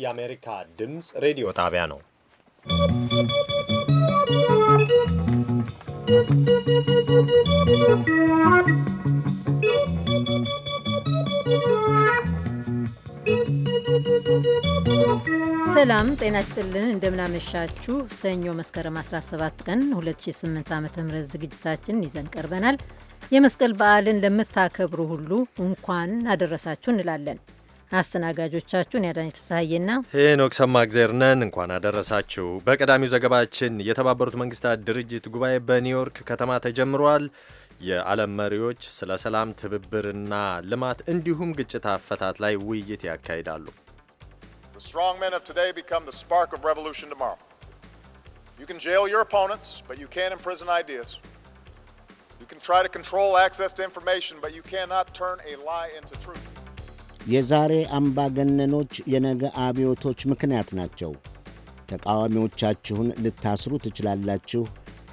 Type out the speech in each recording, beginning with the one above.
የአሜሪካ ድምፅ ሬዲዮ ጣቢያ ነው። ሰላም ጤና ይስጥልን። እንደምናመሻችሁ ሰኞ መስከረም 17 ቀን 2008 ዓ ም ዝግጅታችንን ይዘን ቀርበናል። የመስቀል በዓልን ለምታከብሩ ሁሉ እንኳን አደረሳችሁ እንላለን። አስተናጋጆቻችሁን ያዳኝ ፍስሀዬና ሄኖክ ሰማ እግዜርነን እንኳን አደረሳችሁ። በቀዳሚው ዘገባችን የተባበሩት መንግስታት ድርጅት ጉባኤ በኒውዮርክ ከተማ ተጀምሯል። የዓለም መሪዎች ስለ ሰላም ትብብርና ልማት እንዲሁም ግጭት አፈታት ላይ ውይይት ያካሂዳሉ። You can try to control access to information, but you cannot turn a lie into truth. የዛሬ አምባገነኖች የነገ አብዮቶች ምክንያት ናቸው። ተቃዋሚዎቻችሁን ልታስሩ ትችላላችሁ፣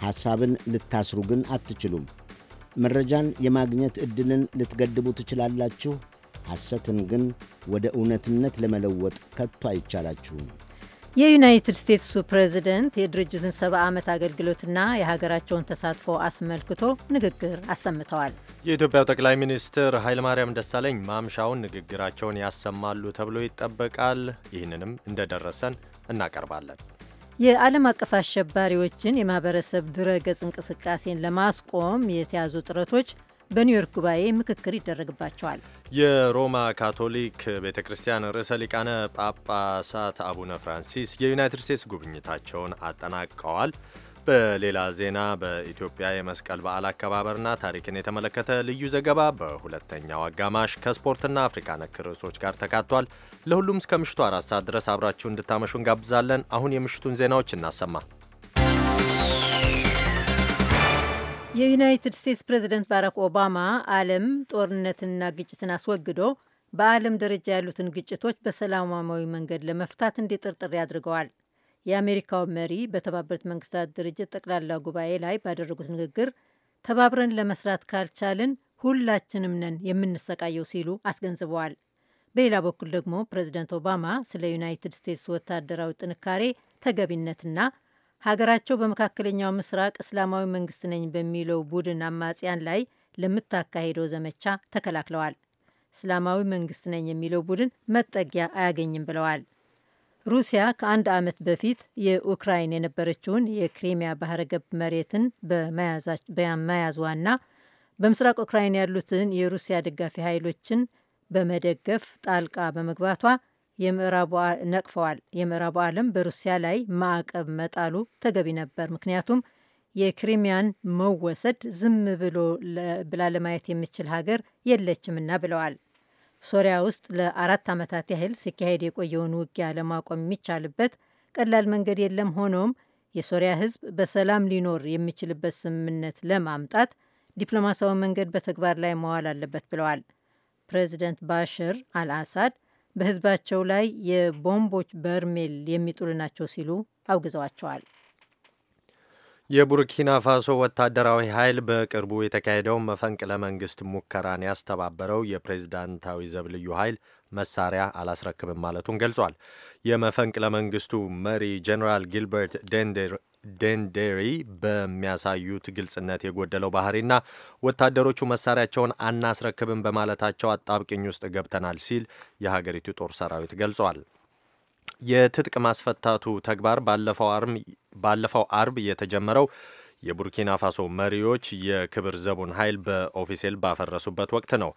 ሐሳብን ልታስሩ ግን አትችሉም። መረጃን የማግኘት ዕድልን ልትገድቡ ትችላላችሁ፣ ሐሰትን ግን ወደ እውነትነት ለመለወጥ ከቶ አይቻላችሁም። የዩናይትድ ስቴትሱ ፕሬዚደንት የድርጅቱን ሰባ ዓመት አገልግሎትና የሀገራቸውን ተሳትፎ አስመልክቶ ንግግር አሰምተዋል። የኢትዮጵያው ጠቅላይ ሚኒስትር ኃይለማርያም ደሳለኝ ማምሻውን ንግግራቸውን ያሰማሉ ተብሎ ይጠበቃል። ይህንንም እንደደረሰን እናቀርባለን። የዓለም አቀፍ አሸባሪዎችን የማህበረሰብ ድረገጽ እንቅስቃሴን ለማስቆም የተያዙ ጥረቶች በኒውዮርክ ጉባኤ ምክክር ይደረግባቸዋል። የሮማ ካቶሊክ ቤተ ክርስቲያን ርዕሰ ሊቃነ ጳጳሳት አቡነ ፍራንሲስ የዩናይትድ ስቴትስ ጉብኝታቸውን አጠናቀዋል። በሌላ ዜና በኢትዮጵያ የመስቀል በዓል አከባበርና ታሪክን የተመለከተ ልዩ ዘገባ በሁለተኛው አጋማሽ ከስፖርትና አፍሪካ ነክ ርዕሶች ጋር ተካቷል። ለሁሉም እስከ ምሽቱ አራት ሰዓት ድረስ አብራችሁ እንድታመሹ እንጋብዛለን። አሁን የምሽቱን ዜናዎች እናሰማ። የዩናይትድ ስቴትስ ፕሬዚደንት ባራክ ኦባማ ዓለም ጦርነትንና ግጭትን አስወግዶ በዓለም ደረጃ ያሉትን ግጭቶች በሰላማዊ መንገድ ለመፍታት እንዲጥር ጥሪ አድርገዋል። የአሜሪካው መሪ በተባበሩት መንግስታት ድርጅት ጠቅላላ ጉባኤ ላይ ባደረጉት ንግግር ተባብረን ለመስራት ካልቻልን ሁላችንም ነን የምንሰቃየው ሲሉ አስገንዝበዋል። በሌላ በኩል ደግሞ ፕሬዚደንት ኦባማ ስለ ዩናይትድ ስቴትስ ወታደራዊ ጥንካሬ ተገቢነትና ሀገራቸው በመካከለኛው ምስራቅ እስላማዊ መንግስት ነኝ በሚለው ቡድን አማጽያን ላይ ለምታካሄደው ዘመቻ ተከላክለዋል። እስላማዊ መንግስት ነኝ የሚለው ቡድን መጠጊያ አያገኝም ብለዋል። ሩሲያ ከአንድ ዓመት በፊት የኡክራይን የነበረችውን የክሪሚያ ባህረ ገብ መሬትን በመያዟና በምስራቅ ኡክራይን ያሉትን የሩሲያ ደጋፊ ኃይሎችን በመደገፍ ጣልቃ በመግባቷ ነቅፈዋል። የምዕራቡ ዓለም በሩሲያ ላይ ማዕቀብ መጣሉ ተገቢ ነበር፣ ምክንያቱም የክሪሚያን መወሰድ ዝም ብሎ ብላ ለማየት የምችል ሀገር የለችምና ብለዋል። ሶሪያ ውስጥ ለአራት ዓመታት ያህል ሲካሄድ የቆየውን ውጊያ ለማቆም የሚቻልበት ቀላል መንገድ የለም። ሆኖም የሶሪያ ሕዝብ በሰላም ሊኖር የሚችልበት ስምምነት ለማምጣት ዲፕሎማሲያዊ መንገድ በተግባር ላይ መዋል አለበት ብለዋል። ፕሬዚደንት ባሽር አልአሳድ በህዝባቸው ላይ የቦምቦች በርሜል የሚጥሉ ናቸው ሲሉ አውግዘዋቸዋል። የቡርኪና ፋሶ ወታደራዊ ኃይል በቅርቡ የተካሄደው መፈንቅለ መንግስት ሙከራን ያስተባበረው የፕሬዝዳንታዊ ዘብ ልዩ ኃይል መሳሪያ አላስረክብም ማለቱን ገልጿል። የመፈንቅለ መንግስቱ መሪ ጀኔራል ጊልበርት ደንደር ደንዴሪ በሚያሳዩት ግልጽነት የጎደለው ባህሪና ወታደሮቹ መሳሪያቸውን አናስረክብም በማለታቸው አጣብቅኝ ውስጥ ገብተናል ሲል የሀገሪቱ ጦር ሰራዊት ገልጿል። የትጥቅ ማስፈታቱ ተግባር ባለፈው አርብ የተጀመረው የቡርኪና ፋሶ መሪዎች የክብር ዘቡን ኃይል በኦፊሴል ባፈረሱበት ወቅት ነው።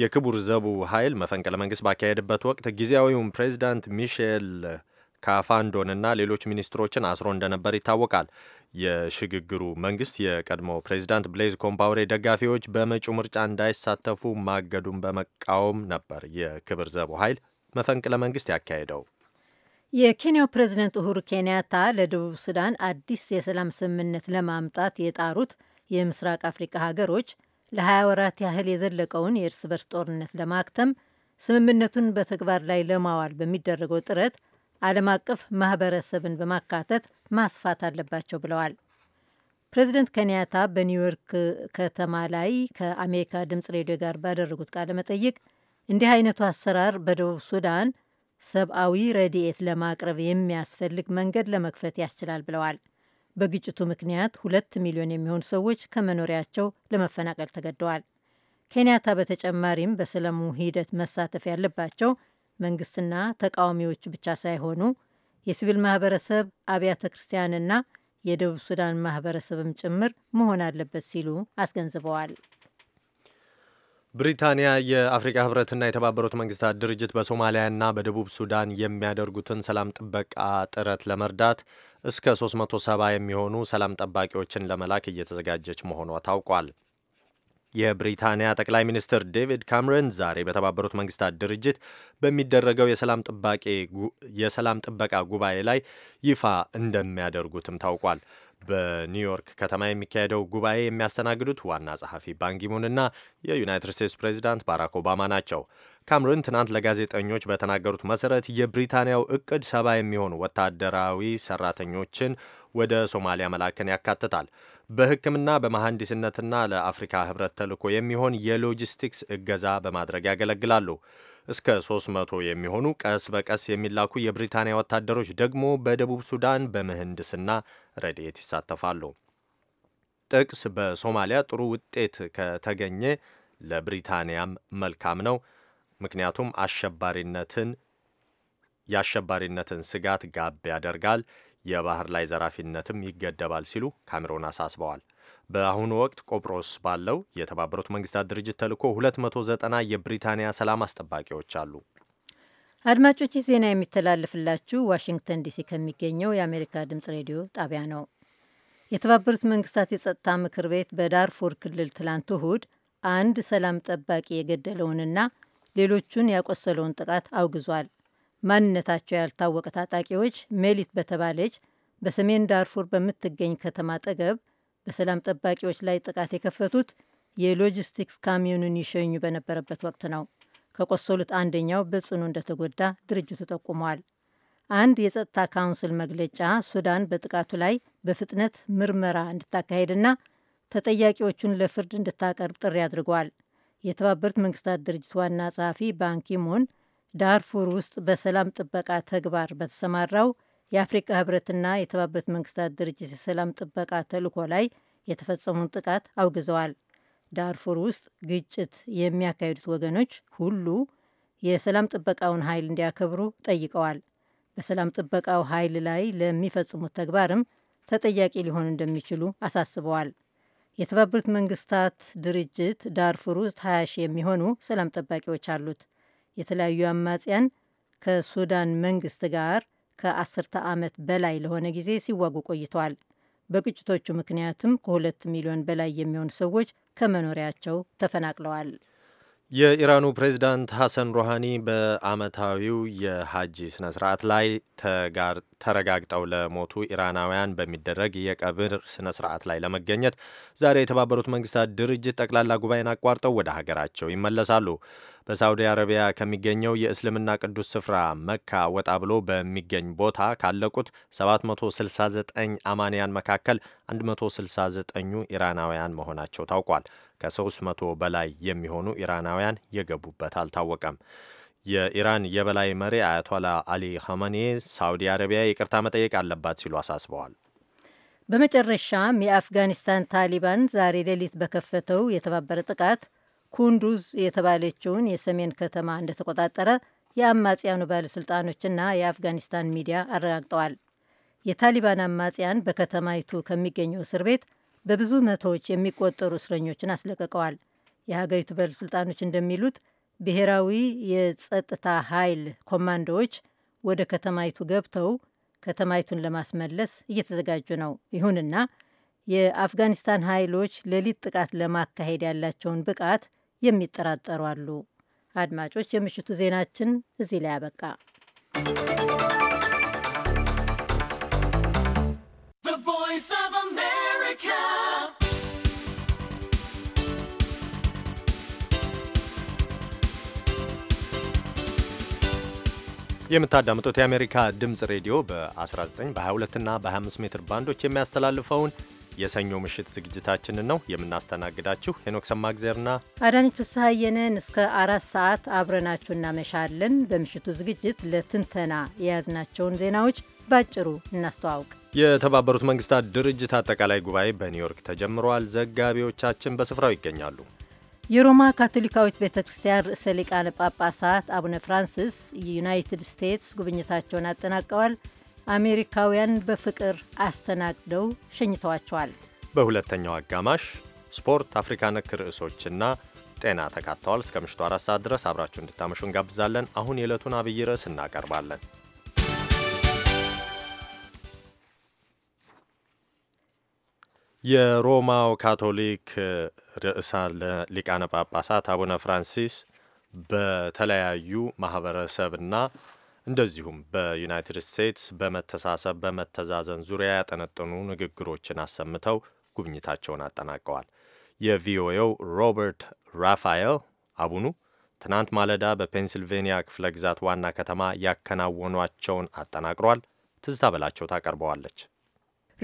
የክቡር ዘቡ ኃይል መፈንቅለ መንግስት ባካሄደበት ወቅት ጊዜያዊውን ፕሬዚዳንት ሚሼል ካፋንዶንና ሌሎች ሚኒስትሮችን አስሮ እንደነበር ይታወቃል። የሽግግሩ መንግስት የቀድሞ ፕሬዚዳንት ብሌዝ ኮምፓውሬ ደጋፊዎች በመጪው ምርጫ እንዳይሳተፉ ማገዱን በመቃወም ነበር የክብር ዘቡ ኃይል መፈንቅለ መንግስት ያካሄደው። የኬንያው ፕሬዚደንት ኡሁሩ ኬንያታ ለደቡብ ሱዳን አዲስ የሰላም ስምምነት ለማምጣት የጣሩት የምስራቅ አፍሪካ ሀገሮች ለ20 ወራት ያህል የዘለቀውን የእርስ በርስ ጦርነት ለማክተም ስምምነቱን በተግባር ላይ ለማዋል በሚደረገው ጥረት ዓለም አቀፍ ማህበረሰብን በማካተት ማስፋት አለባቸው ብለዋል። ፕሬዚደንት ኬንያታ በኒውዮርክ ከተማ ላይ ከአሜሪካ ድምፅ ሬዲዮ ጋር ባደረጉት ቃለ መጠይቅ እንዲህ አይነቱ አሰራር በደቡብ ሱዳን ሰብአዊ ረድኤት ለማቅረብ የሚያስፈልግ መንገድ ለመክፈት ያስችላል ብለዋል። በግጭቱ ምክንያት ሁለት ሚሊዮን የሚሆኑ ሰዎች ከመኖሪያቸው ለመፈናቀል ተገደዋል። ኬንያታ በተጨማሪም በሰላሙ ሂደት መሳተፍ ያለባቸው መንግስትና ተቃዋሚዎች ብቻ ሳይሆኑ የሲቪል ማህበረሰብ፣ አብያተ ክርስቲያንና የደቡብ ሱዳን ማህበረሰብም ጭምር መሆን አለበት ሲሉ አስገንዝበዋል። ብሪታንያ የአፍሪካ ህብረትና የተባበሩት መንግስታት ድርጅት በሶማሊያና በደቡብ ሱዳን የሚያደርጉትን ሰላም ጥበቃ ጥረት ለመርዳት እስከ 370 የሚሆኑ ሰላም ጠባቂዎችን ለመላክ እየተዘጋጀች መሆኗ ታውቋል። የብሪታንያ ጠቅላይ ሚኒስትር ዴቪድ ካምረን ዛሬ በተባበሩት መንግስታት ድርጅት በሚደረገው የሰላም ጥበቃ ጉባኤ ላይ ይፋ እንደሚያደርጉትም ታውቋል። በኒውዮርክ ከተማ የሚካሄደው ጉባኤ የሚያስተናግዱት ዋና ጸሐፊ ባንኪሙንና የዩናይትድ ስቴትስ ፕሬዚዳንት ባራክ ኦባማ ናቸው። ካምሩን ትናንት ለጋዜጠኞች በተናገሩት መሰረት የብሪታንያው እቅድ ሰባ የሚሆኑ ወታደራዊ ሰራተኞችን ወደ ሶማሊያ መላክን ያካትታል። በሕክምና በመሐንዲስነትና ለአፍሪካ ህብረት ተልዕኮ የሚሆን የሎጂስቲክስ እገዛ በማድረግ ያገለግላሉ። እስከ 300 የሚሆኑ ቀስ በቀስ የሚላኩ የብሪታንያ ወታደሮች ደግሞ በደቡብ ሱዳን በምህንድስና ረድኤት ይሳተፋሉ። ጥቅስ በሶማሊያ ጥሩ ውጤት ከተገኘ ለብሪታንያም መልካም ነው። ምክንያቱም አሸባሪነትን የአሸባሪነትን ስጋት ጋብ ያደርጋል። የባህር ላይ ዘራፊነትም ይገደባል ሲሉ ካሜሮን አሳስበዋል። በአሁኑ ወቅት ቆጵሮስ ባለው የተባበሩት መንግስታት ድርጅት ተልዕኮ 290 የብሪታንያ ሰላም አስጠባቂዎች አሉ። አድማጮች፣ ዜና የሚተላለፍላችሁ ዋሽንግተን ዲሲ ከሚገኘው የአሜሪካ ድምጽ ሬዲዮ ጣቢያ ነው። የተባበሩት መንግስታት የጸጥታ ምክር ቤት በዳርፉር ክልል ትላንት እሁድ አንድ ሰላም ጠባቂ የገደለውንና ሌሎቹን ያቆሰለውን ጥቃት አውግዟል። ማንነታቸው ያልታወቀ ታጣቂዎች ሜሊት በተባለች በሰሜን ዳርፉር በምትገኝ ከተማ አጠገብ በሰላም ጠባቂዎች ላይ ጥቃት የከፈቱት የሎጂስቲክስ ካሚዮኑን ይሸኙ በነበረበት ወቅት ነው። ከቆሰሉት አንደኛው በጽኑ እንደተጎዳ ድርጅቱ ጠቁሟል። አንድ የጸጥታ ካውንስል መግለጫ ሱዳን በጥቃቱ ላይ በፍጥነት ምርመራ እንድታካሄድና ተጠያቂዎቹን ለፍርድ እንድታቀርብ ጥሪ አድርጓል። የተባበሩት መንግስታት ድርጅት ዋና ጸሐፊ ባንኪሙን ዳርፉር ውስጥ በሰላም ጥበቃ ተግባር በተሰማራው የአፍሪካ ህብረትና የተባበሩት መንግስታት ድርጅት የሰላም ጥበቃ ተልዕኮ ላይ የተፈጸሙን ጥቃት አውግዘዋል። ዳርፉር ውስጥ ግጭት የሚያካሂዱት ወገኖች ሁሉ የሰላም ጥበቃውን ኃይል እንዲያከብሩ ጠይቀዋል። በሰላም ጥበቃው ኃይል ላይ ለሚፈጽሙት ተግባርም ተጠያቂ ሊሆኑ እንደሚችሉ አሳስበዋል። የተባበሩት መንግስታት ድርጅት ዳርፉር ውስጥ 20 ሺ የሚሆኑ ሰላም ጠባቂዎች አሉት። የተለያዩ አማጽያን ከሱዳን መንግስት ጋር ከአስርተ ዓመት በላይ ለሆነ ጊዜ ሲዋጉ ቆይተዋል። በግጭቶቹ ምክንያትም ከሁለት ሚሊዮን በላይ የሚሆኑ ሰዎች ከመኖሪያቸው ተፈናቅለዋል። የኢራኑ ፕሬዚዳንት ሐሰን ሮሃኒ በአመታዊው የሐጂ ስነ ስርዓት ላይ ተጋር ተረጋግጠው ለሞቱ ኢራናውያን በሚደረግ የቀብር ስነ ስርዓት ላይ ለመገኘት ዛሬ የተባበሩት መንግስታት ድርጅት ጠቅላላ ጉባኤን አቋርጠው ወደ ሀገራቸው ይመለሳሉ። በሳውዲ አረቢያ ከሚገኘው የእስልምና ቅዱስ ስፍራ መካ ወጣ ብሎ በሚገኝ ቦታ ካለቁት 769 አማንያን መካከል 169ኙ ኢራናውያን መሆናቸው ታውቋል። ከ300 በላይ የሚሆኑ ኢራናውያን የገቡበት አልታወቀም። የኢራን የበላይ መሪ አያቶላ አሊ ኸመኔ ሳውዲ አረቢያ ይቅርታ መጠየቅ አለባት ሲሉ አሳስበዋል። በመጨረሻም የአፍጋኒስታን ታሊባን ዛሬ ሌሊት በከፈተው የተባበረ ጥቃት ኩንዱዝ የተባለችውን የሰሜን ከተማ እንደተቆጣጠረ የአማጽያኑ ባለሥልጣኖችና የአፍጋኒስታን ሚዲያ አረጋግጠዋል። የታሊባን አማጽያን በከተማይቱ ከሚገኘው እስር ቤት በብዙ መቶዎች የሚቆጠሩ እስረኞችን አስለቅቀዋል። የሀገሪቱ ባለሥልጣኖች እንደሚሉት ብሔራዊ የጸጥታ ኃይል ኮማንዶዎች ወደ ከተማይቱ ገብተው ከተማይቱን ለማስመለስ እየተዘጋጁ ነው። ይሁንና የአፍጋኒስታን ኃይሎች ሌሊት ጥቃት ለማካሄድ ያላቸውን ብቃት የሚጠራጠሩ አሉ። አድማጮች፣ የምሽቱ ዜናችን እዚህ ላይ አበቃ። የምታዳምጡት የአሜሪካ ድምፅ ሬዲዮ በ19 በ22 እና በ25 ሜትር ባንዶች የሚያስተላልፈውን የሰኞ ምሽት ዝግጅታችንን ነው የምናስተናግዳችሁ። ሄኖክ ሰማግዜርና አዳነች ፍስሐየንን እስከ አራት ሰዓት አብረናችሁ እናመሻለን። በምሽቱ ዝግጅት ለትንተና የያዝናቸውን ዜናዎች ባጭሩ እናስተዋውቅ። የተባበሩት መንግስታት ድርጅት አጠቃላይ ጉባኤ በኒውዮርክ ተጀምሯል። ዘጋቢዎቻችን በስፍራው ይገኛሉ። የሮማ ካቶሊካዊት ቤተ ክርስቲያን ርዕሰ ሊቃነ ጳጳሳት አቡነ ፍራንሲስ የዩናይትድ ስቴትስ ጉብኝታቸውን አጠናቀዋል። አሜሪካውያን በፍቅር አስተናግደው ሸኝተዋቸዋል። በሁለተኛው አጋማሽ ስፖርት፣ አፍሪካ ነክ ርዕሶችና ጤና ተካተዋል። እስከ ምሽቱ አራት ሰዓት ድረስ አብራችሁ እንድታመሹ እንጋብዛለን። አሁን የዕለቱን አብይ ርዕስ እናቀርባለን። የሮማው ካቶሊክ ርዕሰ ሊቃነ ጳጳሳት አቡነ ፍራንሲስ በተለያዩ ማህበረሰብና እንደዚሁም በዩናይትድ ስቴትስ በመተሳሰብ በመተዛዘን ዙሪያ ያጠነጠኑ ንግግሮችን አሰምተው ጉብኝታቸውን አጠናቀዋል። የቪኦኤው ሮበርት ራፋኤል አቡኑ ትናንት ማለዳ በፔንሲልቬንያ ክፍለ ግዛት ዋና ከተማ ያከናወኗቸውን አጠናቅሯል። ትዝታ በላቸው ታቀርበዋለች።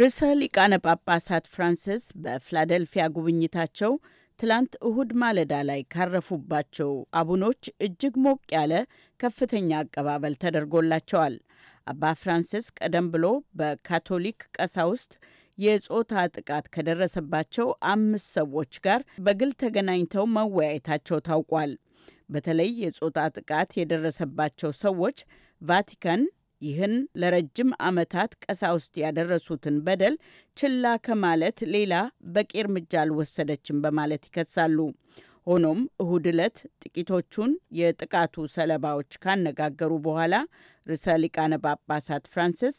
ርዕሰ ሊቃነ ጳጳሳት ፍራንሲስ በፊላደልፊያ ጉብኝታቸው ትላንት እሁድ ማለዳ ላይ ካረፉባቸው አቡኖች እጅግ ሞቅ ያለ ከፍተኛ አቀባበል ተደርጎላቸዋል። አባ ፍራንሲስ ቀደም ብሎ በካቶሊክ ቀሳውስት የጾታ ጥቃት ከደረሰባቸው አምስት ሰዎች ጋር በግል ተገናኝተው መወያየታቸው ታውቋል። በተለይ የጾታ ጥቃት የደረሰባቸው ሰዎች ቫቲካን ይህን ለረጅም ዓመታት ቀሳውስት ያደረሱትን በደል ችላ ከማለት ሌላ በቂ እርምጃ አልወሰደችም በማለት ይከሳሉ። ሆኖም እሁድ ዕለት ጥቂቶቹን የጥቃቱ ሰለባዎች ካነጋገሩ በኋላ ርዕሰ ሊቃነ ጳጳሳት ፍራንሲስ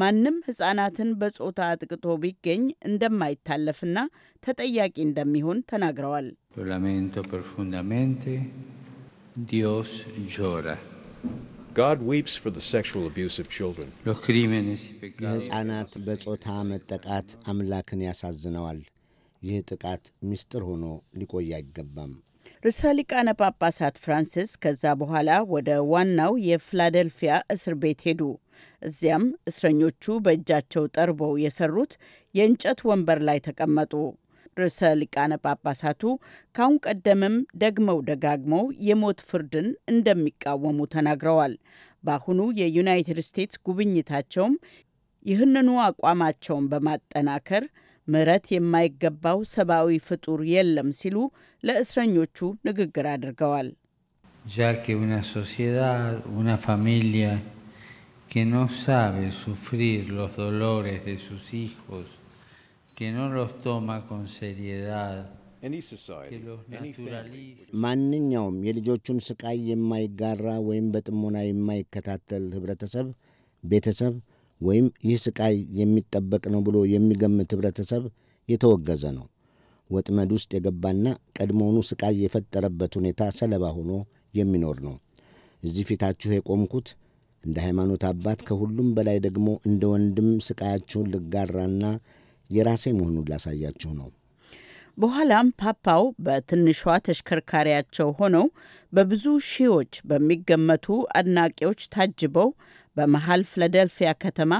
ማንም ሕፃናትን በጾታ አጥቅቶ ቢገኝ እንደማይታለፍና ተጠያቂ እንደሚሆን ተናግረዋል። ላሜንቶ ፕሮፉንዳሜንቴ ዲዮስ ጆራ የሕፃናት በጾታ መጠቃት አምላክን ያሳዝነዋል። ይህ ጥቃት ምስጢር ሆኖ ሊቆይ አይገባም። ርዕሰ ሊቃነ ጳጳሳት ፍራንሲስ ከዛ በኋላ ወደ ዋናው የፊላደልፊያ እስር ቤት ሄዱ። እዚያም እስረኞቹ በእጃቸው ጠርበው የሰሩት የእንጨት ወንበር ላይ ተቀመጡ። ርዕሰ ሊቃነ ጳጳሳቱ ካሁን ቀደምም ደግመው ደጋግመው የሞት ፍርድን እንደሚቃወሙ ተናግረዋል። በአሁኑ የዩናይትድ ስቴትስ ጉብኝታቸውም ይህንኑ አቋማቸውን በማጠናከር ምሕረት የማይገባው ሰብአዊ ፍጡር የለም ሲሉ ለእስረኞቹ ንግግር አድርገዋል። ያ que no los toma con seriedad ማንኛውም የልጆቹን ስቃይ የማይጋራ ወይም በጥሞና የማይከታተል ህብረተሰብ፣ ቤተሰብ ወይም ይህ ስቃይ የሚጠበቅ ነው ብሎ የሚገምት ህብረተሰብ የተወገዘ ነው። ወጥመድ ውስጥ የገባና ቀድሞውኑ ስቃይ የፈጠረበት ሁኔታ ሰለባ ሆኖ የሚኖር ነው። እዚህ ፊታችሁ የቆምኩት እንደ ሃይማኖት አባት ከሁሉም በላይ ደግሞ እንደ ወንድም ስቃያችሁን ልጋራና የራሴ መሆኑን ላሳያችሁ ነው። በኋላም ፓፓው በትንሿ ተሽከርካሪያቸው ሆነው በብዙ ሺዎች በሚገመቱ አድናቂዎች ታጅበው በመሃል ፍላደልፊያ ከተማ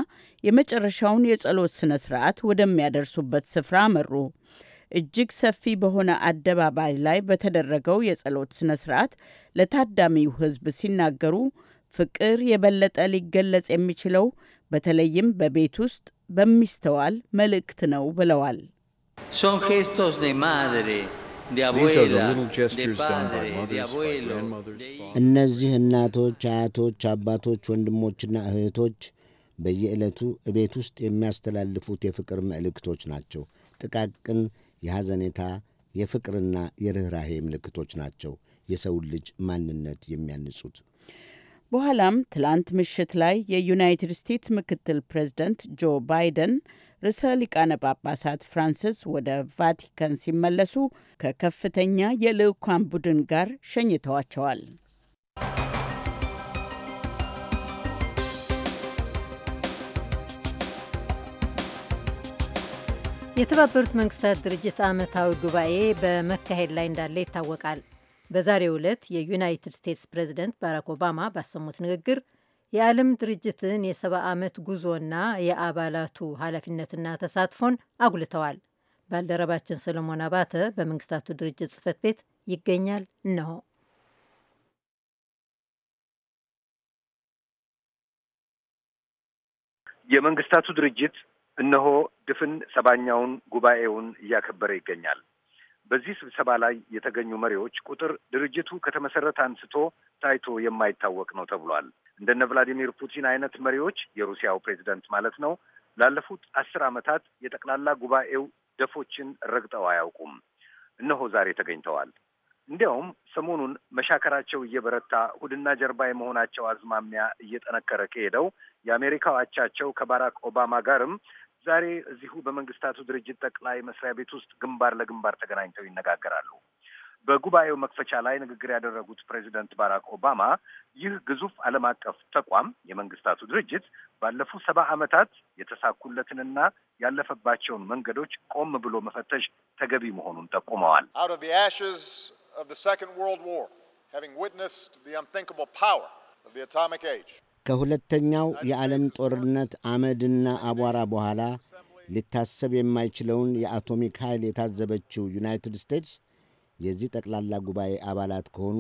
የመጨረሻውን የጸሎት ሥነ ሥርዓት ወደሚያደርሱበት ስፍራ አመሩ። እጅግ ሰፊ በሆነ አደባባይ ላይ በተደረገው የጸሎት ሥነ ሥርዓት ለታዳሚው ሕዝብ ሲናገሩ ፍቅር የበለጠ ሊገለጽ የሚችለው በተለይም በቤት ውስጥ በሚስተዋል መልእክት ነው ብለዋል። እነዚህ እናቶች፣ አያቶች፣ አባቶች፣ ወንድሞችና እህቶች በየዕለቱ እቤት ውስጥ የሚያስተላልፉት የፍቅር መልእክቶች ናቸው። ጥቃቅን የሐዘኔታ የፍቅርና የርኅራሄ ምልክቶች ናቸው የሰውን ልጅ ማንነት የሚያንጹት። በኋላም ትላንት ምሽት ላይ የዩናይትድ ስቴትስ ምክትል ፕሬዝደንት ጆ ባይደን ርዕሰ ሊቃነ ጳጳሳት ፍራንሲስ ወደ ቫቲካን ሲመለሱ ከከፍተኛ የልዑካን ቡድን ጋር ሸኝተዋቸዋል። የተባበሩት መንግስታት ድርጅት ዓመታዊ ጉባኤ በመካሄድ ላይ እንዳለ ይታወቃል። በዛሬው ዕለት የዩናይትድ ስቴትስ ፕሬዚደንት ባራክ ኦባማ ባሰሙት ንግግር የዓለም ድርጅትን የሰባ ዓመት ጉዞና የአባላቱ ኃላፊነትና ተሳትፎን አጉልተዋል። ባልደረባችን ሰለሞን አባተ በመንግስታቱ ድርጅት ጽህፈት ቤት ይገኛል ነው። የመንግስታቱ ድርጅት እነሆ ድፍን ሰባኛውን ጉባኤውን እያከበረ ይገኛል። በዚህ ስብሰባ ላይ የተገኙ መሪዎች ቁጥር ድርጅቱ ከተመሰረተ አንስቶ ታይቶ የማይታወቅ ነው ተብሏል። እንደነ ቭላዲሚር ፑቲን አይነት መሪዎች የሩሲያው ፕሬዚደንት ማለት ነው ላለፉት አስር ዓመታት የጠቅላላ ጉባኤው ደፎችን ረግጠው አያውቁም። እነሆ ዛሬ ተገኝተዋል። እንዲያውም ሰሞኑን መሻከራቸው እየበረታ ሁድና ጀርባ የመሆናቸው አዝማሚያ እየጠነከረ ከሄደው የአሜሪካ አቻቸው ከባራክ ኦባማ ጋርም ዛሬ እዚሁ በመንግስታቱ ድርጅት ጠቅላይ መስሪያ ቤት ውስጥ ግንባር ለግንባር ተገናኝተው ይነጋገራሉ። በጉባኤው መክፈቻ ላይ ንግግር ያደረጉት ፕሬዚደንት ባራክ ኦባማ ይህ ግዙፍ ዓለም አቀፍ ተቋም የመንግስታቱ ድርጅት ባለፉት ሰባ ዓመታት የተሳኩለትንና ያለፈባቸውን መንገዶች ቆም ብሎ መፈተሽ ተገቢ መሆኑን ጠቁመዋል። Having witnessed the unthinkable power of the atomic age. ከሁለተኛው የዓለም ጦርነት አመድና አቧራ በኋላ ሊታሰብ የማይችለውን የአቶሚክ ኃይል የታዘበችው ዩናይትድ ስቴትስ የዚህ ጠቅላላ ጉባኤ አባላት ከሆኑ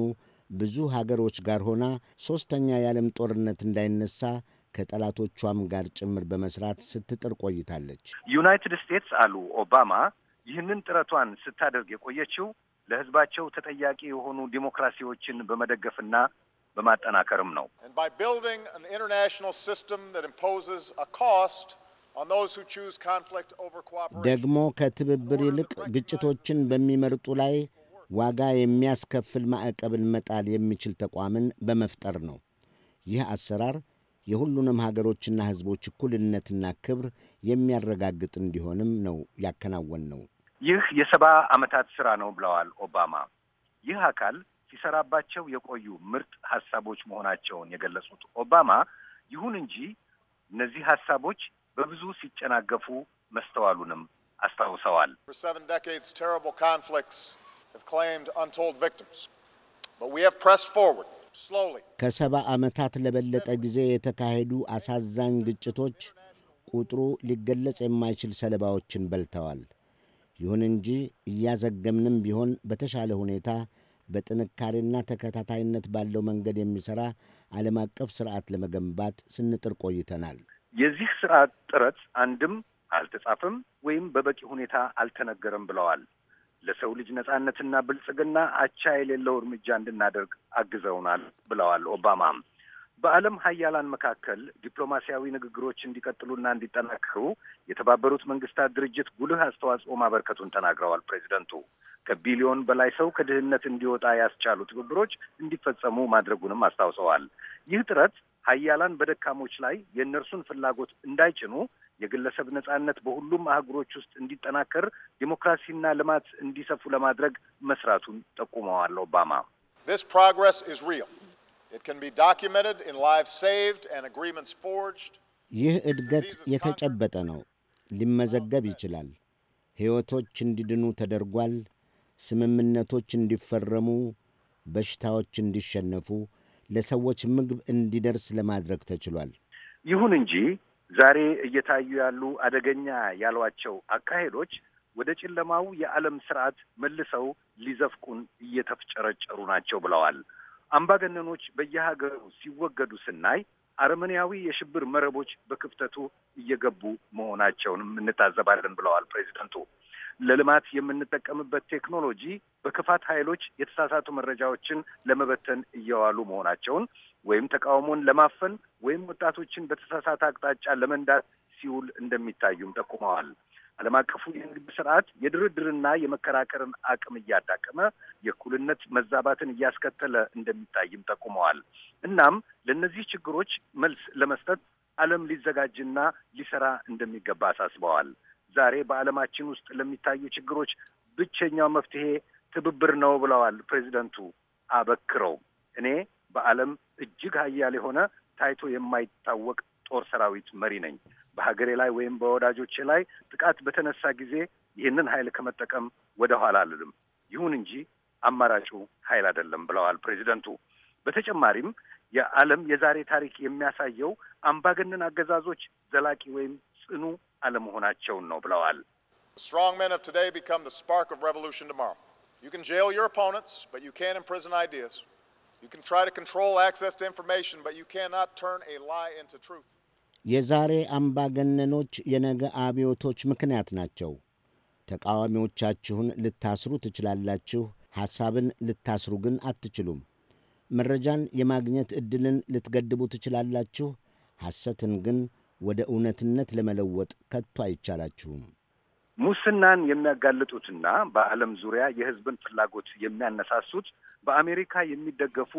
ብዙ ሀገሮች ጋር ሆና ሦስተኛ የዓለም ጦርነት እንዳይነሳ ከጠላቶቿም ጋር ጭምር በመስራት ስትጥር ቆይታለች። ዩናይትድ ስቴትስ አሉ ኦባማ፣ ይህንን ጥረቷን ስታደርግ የቆየችው ለሕዝባቸው ተጠያቂ የሆኑ ዲሞክራሲዎችን በመደገፍና በማጠናከርም ነው። ደግሞ ከትብብር ይልቅ ግጭቶችን በሚመርጡ ላይ ዋጋ የሚያስከፍል ማዕቀብን መጣል የሚችል ተቋምን በመፍጠር ነው። ይህ አሰራር የሁሉንም ሀገሮችና ሕዝቦች እኩልነትና ክብር የሚያረጋግጥ እንዲሆንም ነው ያከናወን ነው። ይህ የሰባ ዓመታት ሥራ ነው ብለዋል ኦባማ። ይህ አካል ሲሰራባቸው የቆዩ ምርጥ ሀሳቦች መሆናቸውን የገለጹት ኦባማ ይሁን እንጂ እነዚህ ሀሳቦች በብዙ ሲጨናገፉ መስተዋሉንም አስታውሰዋል። ከሰባ ዓመታት ለበለጠ ጊዜ የተካሄዱ አሳዛኝ ግጭቶች ቁጥሩ ሊገለጽ የማይችል ሰለባዎችን በልተዋል። ይሁን እንጂ እያዘገምንም ቢሆን በተሻለ ሁኔታ በጥንካሬና ተከታታይነት ባለው መንገድ የሚሠራ ዓለም አቀፍ ስርዓት ለመገንባት ስንጥር ቆይተናል። የዚህ ስርዓት ጥረት አንድም አልተጻፈም ወይም በበቂ ሁኔታ አልተነገረም ብለዋል። ለሰው ልጅ ነጻነትና ብልጽግና አቻ የሌለው እርምጃ እንድናደርግ አግዘውናል ብለዋል ኦባማም። በዓለም ሀያላን መካከል ዲፕሎማሲያዊ ንግግሮች እንዲቀጥሉና እንዲጠናከሩ የተባበሩት መንግስታት ድርጅት ጉልህ አስተዋጽኦ ማበርከቱን ተናግረዋል ፕሬዚደንቱ። ከቢሊዮን በላይ ሰው ከድህነት እንዲወጣ ያስቻሉ ትብብሮች እንዲፈጸሙ ማድረጉንም አስታውሰዋል። ይህ ጥረት ሀያላን በደካሞች ላይ የእነርሱን ፍላጎት እንዳይጭኑ፣ የግለሰብ ነጻነት በሁሉም አህጉሮች ውስጥ እንዲጠናከር፣ ዲሞክራሲና ልማት እንዲሰፉ ለማድረግ መስራቱን ጠቁመዋል ኦባማ። ይህ እድገት የተጨበጠ ነው፣ ሊመዘገብ ይችላል። ሕይወቶች እንዲድኑ ተደርጓል። ስምምነቶች እንዲፈረሙ፣ በሽታዎች እንዲሸነፉ፣ ለሰዎች ምግብ እንዲደርስ ለማድረግ ተችሏል። ይሁን እንጂ ዛሬ እየታዩ ያሉ አደገኛ ያሏቸው አካሄዶች ወደ ጨለማው የዓለም ስርዓት መልሰው ሊዘፍቁን እየተፍጨረጨሩ ናቸው ብለዋል። አምባገነኖች በየሀገሩ ሲወገዱ ስናይ አረመኔያዊ የሽብር መረቦች በክፍተቱ እየገቡ መሆናቸውንም እንታዘባለን ብለዋል ፕሬዚደንቱ። ለልማት የምንጠቀምበት ቴክኖሎጂ በክፋት ኃይሎች የተሳሳቱ መረጃዎችን ለመበተን እየዋሉ መሆናቸውን ወይም ተቃውሞን ለማፈን ወይም ወጣቶችን በተሳሳተ አቅጣጫ ለመንዳት ሲውል እንደሚታዩም ጠቁመዋል። ዓለም አቀፉ የንግድ ስርዓት የድርድርና የመከራከርን አቅም እያዳቀመ የእኩልነት መዛባትን እያስከተለ እንደሚታይም ጠቁመዋል። እናም ለእነዚህ ችግሮች መልስ ለመስጠት ዓለም ሊዘጋጅና ሊሰራ እንደሚገባ አሳስበዋል። ዛሬ በዓለማችን ውስጥ ለሚታዩ ችግሮች ብቸኛው መፍትሄ ትብብር ነው ብለዋል ፕሬዚደንቱ። አበክረው እኔ በዓለም እጅግ ሀያል የሆነ ታይቶ የማይታወቅ ጦር ሰራዊት መሪ ነኝ። በሀገሬ ላይ ወይም በወዳጆቼ ላይ ጥቃት በተነሳ ጊዜ ይህንን ኃይል ከመጠቀም ወደ ኋላ አልልም። ይሁን እንጂ አማራጩ ኃይል አይደለም ብለዋል ፕሬዚደንቱ። በተጨማሪም የዓለም የዛሬ ታሪክ የሚያሳየው አምባገነን አገዛዞች ዘላቂ ወይም ጽኑ አለመሆናቸውን ነው ብለዋል። የዛሬ አምባገነኖች የነገ አብዮቶች ምክንያት ናቸው። ተቃዋሚዎቻችሁን ልታስሩ ትችላላችሁ፣ ሐሳብን ልታስሩ ግን አትችሉም። መረጃን የማግኘት ዕድልን ልትገድቡ ትችላላችሁ፣ ሐሰትን ግን ወደ እውነትነት ለመለወጥ ከቶ አይቻላችሁም። ሙስናን የሚያጋልጡትና በዓለም ዙሪያ የሕዝብን ፍላጎት የሚያነሳሱት በአሜሪካ የሚደገፉ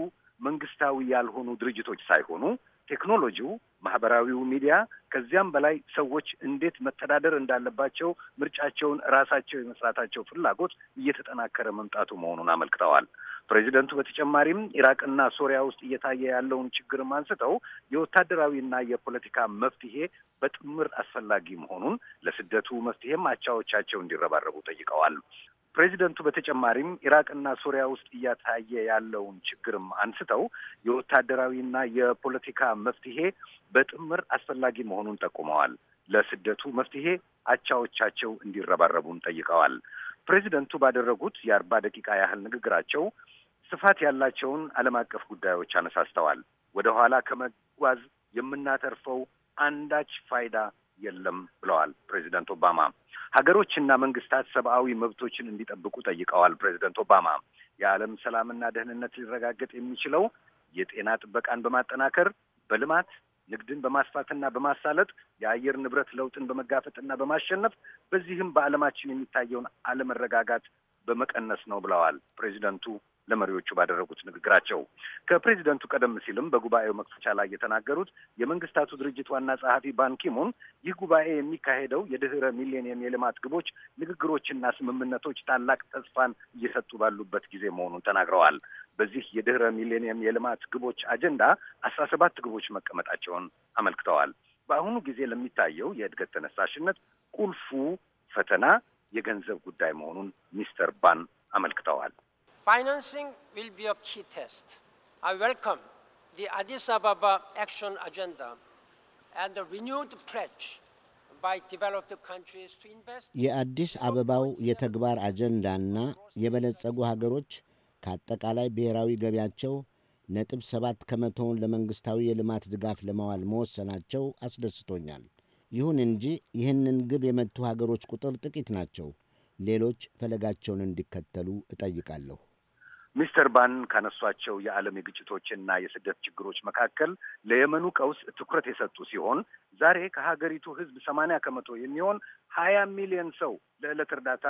መንግስታዊ ያልሆኑ ድርጅቶች ሳይሆኑ ቴክኖሎጂው፣ ማህበራዊው ሚዲያ፣ ከዚያም በላይ ሰዎች እንዴት መተዳደር እንዳለባቸው ምርጫቸውን ራሳቸው የመስራታቸው ፍላጎት እየተጠናከረ መምጣቱ መሆኑን አመልክተዋል። ፕሬዚደንቱ በተጨማሪም ኢራቅና ሶሪያ ውስጥ እየታየ ያለውን ችግርም አንስተው የወታደራዊና የፖለቲካ መፍትሄ በጥምር አስፈላጊ መሆኑን ለስደቱ መፍትሄም አቻዎቻቸው እንዲረባረቡ ጠይቀዋል። ፕሬዚደንቱ በተጨማሪም ኢራቅና ሶሪያ ውስጥ እያታየ ያለውን ችግርም አንስተው የወታደራዊና የፖለቲካ መፍትሄ በጥምር አስፈላጊ መሆኑን ጠቁመዋል። ለስደቱ መፍትሄ አቻዎቻቸው እንዲረባረቡም ጠይቀዋል። ፕሬዚደንቱ ባደረጉት የአርባ ደቂቃ ያህል ንግግራቸው ስፋት ያላቸውን ዓለም አቀፍ ጉዳዮች አነሳስተዋል። ወደ ኋላ ከመጓዝ የምናተርፈው አንዳች ፋይዳ የለም ብለዋል ፕሬዚደንት ኦባማ። ሀገሮችና መንግስታት ሰብአዊ መብቶችን እንዲጠብቁ ጠይቀዋል ፕሬዚደንት ኦባማ። የዓለም ሰላምና ደህንነት ሊረጋገጥ የሚችለው የጤና ጥበቃን በማጠናከር በልማት ንግድን በማስፋትና በማሳለጥ የአየር ንብረት ለውጥን በመጋፈጥና በማሸነፍ በዚህም በዓለማችን የሚታየውን አለመረጋጋት በመቀነስ ነው ብለዋል ፕሬዚደንቱ ለመሪዎቹ ባደረጉት ንግግራቸው ከፕሬዚደንቱ ቀደም ሲልም በጉባኤው መክፈቻ ላይ የተናገሩት የመንግስታቱ ድርጅት ዋና ጸሐፊ ባንኪሙን ይህ ጉባኤ የሚካሄደው የድህረ ሚሌኒየም የልማት ግቦች ንግግሮችና ስምምነቶች ታላቅ ተስፋን እየሰጡ ባሉበት ጊዜ መሆኑን ተናግረዋል። በዚህ የድህረ ሚሌኒየም የልማት ግቦች አጀንዳ አስራ ሰባት ግቦች መቀመጣቸውን አመልክተዋል። በአሁኑ ጊዜ ለሚታየው የእድገት ተነሳሽነት ቁልፉ ፈተና የገንዘብ ጉዳይ መሆኑን ሚስተር ባን አመልክተዋል። Financing will be a key test. I welcome the Addis Ababa Action Agenda and the renewed pledge የአዲስ አበባው የተግባር አጀንዳና የበለጸጉ ሀገሮች ከአጠቃላይ ብሔራዊ ገቢያቸው ነጥብ ሰባት ከመቶውን ለመንግሥታዊ የልማት ድጋፍ ለማዋል መወሰናቸው አስደስቶኛል። ይሁን እንጂ ይህንን ግብ የመቱ ሀገሮች ቁጥር ጥቂት ናቸው። ሌሎች ፈለጋቸውን እንዲከተሉ እጠይቃለሁ። ሚስተር ባን ካነሷቸው የዓለም የግጭቶችና የስደት ችግሮች መካከል ለየመኑ ቀውስ ትኩረት የሰጡ ሲሆን ዛሬ ከሀገሪቱ ሕዝብ ሰማንያ ከመቶ የሚሆን ሀያ ሚሊዮን ሰው ለዕለት እርዳታ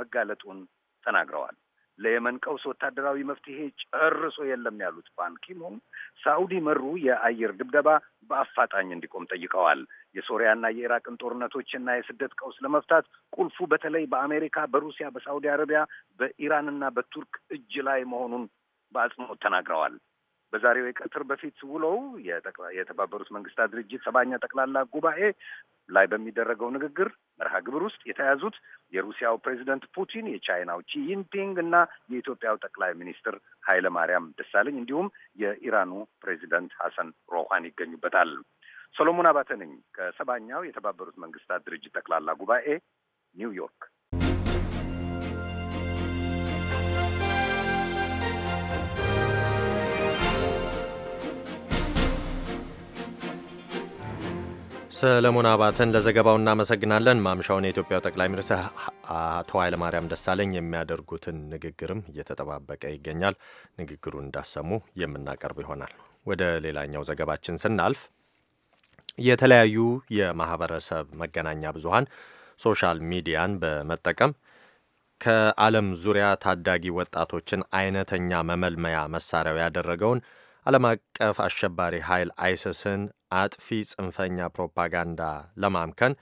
መጋለጡን ተናግረዋል። ለየመን ቀውስ ወታደራዊ መፍትሄ ጨርሶ የለም ያሉት ባንኪሙን ሳኡዲ መሩ የአየር ድብደባ በአፋጣኝ እንዲቆም ጠይቀዋል። የሶሪያና የኢራቅን ጦርነቶችና የስደት ቀውስ ለመፍታት ቁልፉ በተለይ በአሜሪካ፣ በሩሲያ፣ በሳውዲ አረቢያ፣ በኢራንና በቱርክ እጅ ላይ መሆኑን በአጽንኦት ተናግረዋል። በዛሬው የቀትር በፊት ውለው የተባበሩት መንግስታት ድርጅት ሰባኛ ጠቅላላ ጉባኤ ላይ በሚደረገው ንግግር መርሃ ግብር ውስጥ የተያዙት የሩሲያው ፕሬዚደንት ፑቲን፣ የቻይናው ቺይንፒንግ እና የኢትዮጵያው ጠቅላይ ሚኒስትር ኃይለ ማርያም ደሳለኝ እንዲሁም የኢራኑ ፕሬዚደንት ሀሰን ሮሃን ይገኙበታል። ሰሎሞን አባተ ነኝ ከሰባኛው የተባበሩት መንግስታት ድርጅት ጠቅላላ ጉባኤ ኒውዮርክ። ሰለሞን አባተን ለዘገባው እናመሰግናለን። ማምሻውን የኢትዮጵያው ጠቅላይ ሚኒስትር አቶ ኃይለማርያም ደሳለኝ የሚያደርጉትን ንግግርም እየተጠባበቀ ይገኛል። ንግግሩን እንዳሰሙ የምናቀርብ ይሆናል። ወደ ሌላኛው ዘገባችን ስናልፍ የተለያዩ የማህበረሰብ መገናኛ ብዙሃን ሶሻል ሚዲያን በመጠቀም ከዓለም ዙሪያ ታዳጊ ወጣቶችን አይነተኛ መመልመያ መሳሪያው ያደረገውን ዓለም አቀፍ አሸባሪ ኃይል አይስስን አጥፊ ጽንፈኛ ፕሮፓጋንዳ ለማምከን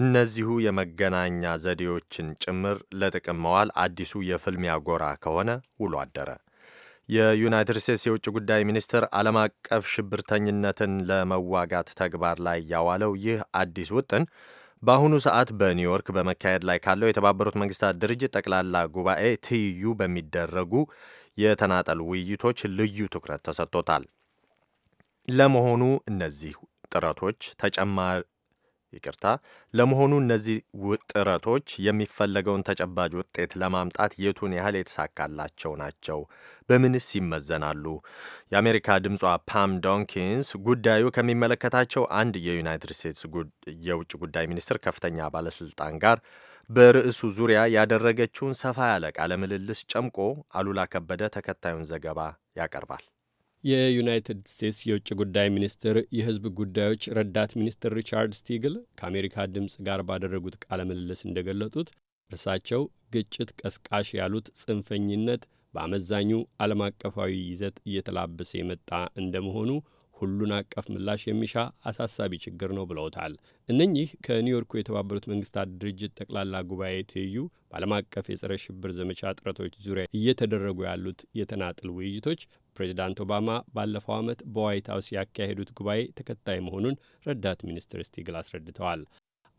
እነዚሁ የመገናኛ ዘዴዎችን ጭምር ለጥቅም መዋል አዲሱ የፍልሚያ ጎራ ከሆነ ውሎ አደረ። የዩናይትድ ስቴትስ የውጭ ጉዳይ ሚኒስትር ዓለም አቀፍ ሽብርተኝነትን ለመዋጋት ተግባር ላይ ያዋለው ይህ አዲስ ውጥን በአሁኑ ሰዓት በኒውዮርክ በመካሄድ ላይ ካለው የተባበሩት መንግስታት ድርጅት ጠቅላላ ጉባኤ ትይዩ በሚደረጉ የተናጠል ውይይቶች ልዩ ትኩረት ተሰጥቶታል። ለመሆኑ እነዚህ ጥረቶች ይቅርታ። ለመሆኑ እነዚህ ጥረቶች የሚፈለገውን ተጨባጭ ውጤት ለማምጣት የቱን ያህል የተሳካላቸው ናቸው? በምንስ ይመዘናሉ? የአሜሪካ ድምጿ ፓም ዶንኪንስ ጉዳዩ ከሚመለከታቸው አንድ የዩናይትድ ስቴትስ የውጭ ጉዳይ ሚኒስትር ከፍተኛ ባለስልጣን ጋር በርዕሱ ዙሪያ ያደረገችውን ሰፋ ያለ ቃለ ምልልስ ጨምቆ አሉላ ከበደ ተከታዩን ዘገባ ያቀርባል። የዩናይትድ ስቴትስ የውጭ ጉዳይ ሚኒስትር የሕዝብ ጉዳዮች ረዳት ሚኒስትር ሪቻርድ ስቲግል ከአሜሪካ ድምፅ ጋር ባደረጉት ቃለ ምልልስ እንደገለጡት እርሳቸው ግጭት ቀስቃሽ ያሉት ጽንፈኝነት በአመዛኙ ዓለም አቀፋዊ ይዘት እየተላበሰ የመጣ እንደመሆኑ ሁሉን አቀፍ ምላሽ የሚሻ አሳሳቢ ችግር ነው ብለውታል። እነኚህ ከኒውዮርኩ የተባበሩት መንግስታት ድርጅት ጠቅላላ ጉባኤ ትይዩ በዓለም አቀፍ የጸረ ሽብር ዘመቻ ጥረቶች ዙሪያ እየተደረጉ ያሉት የተናጥል ውይይቶች ፕሬዚዳንት ኦባማ ባለፈው ዓመት በዋይት ሀውስ ያካሄዱት ጉባኤ ተከታይ መሆኑን ረዳት ሚኒስትር ስቲግል አስረድተዋል።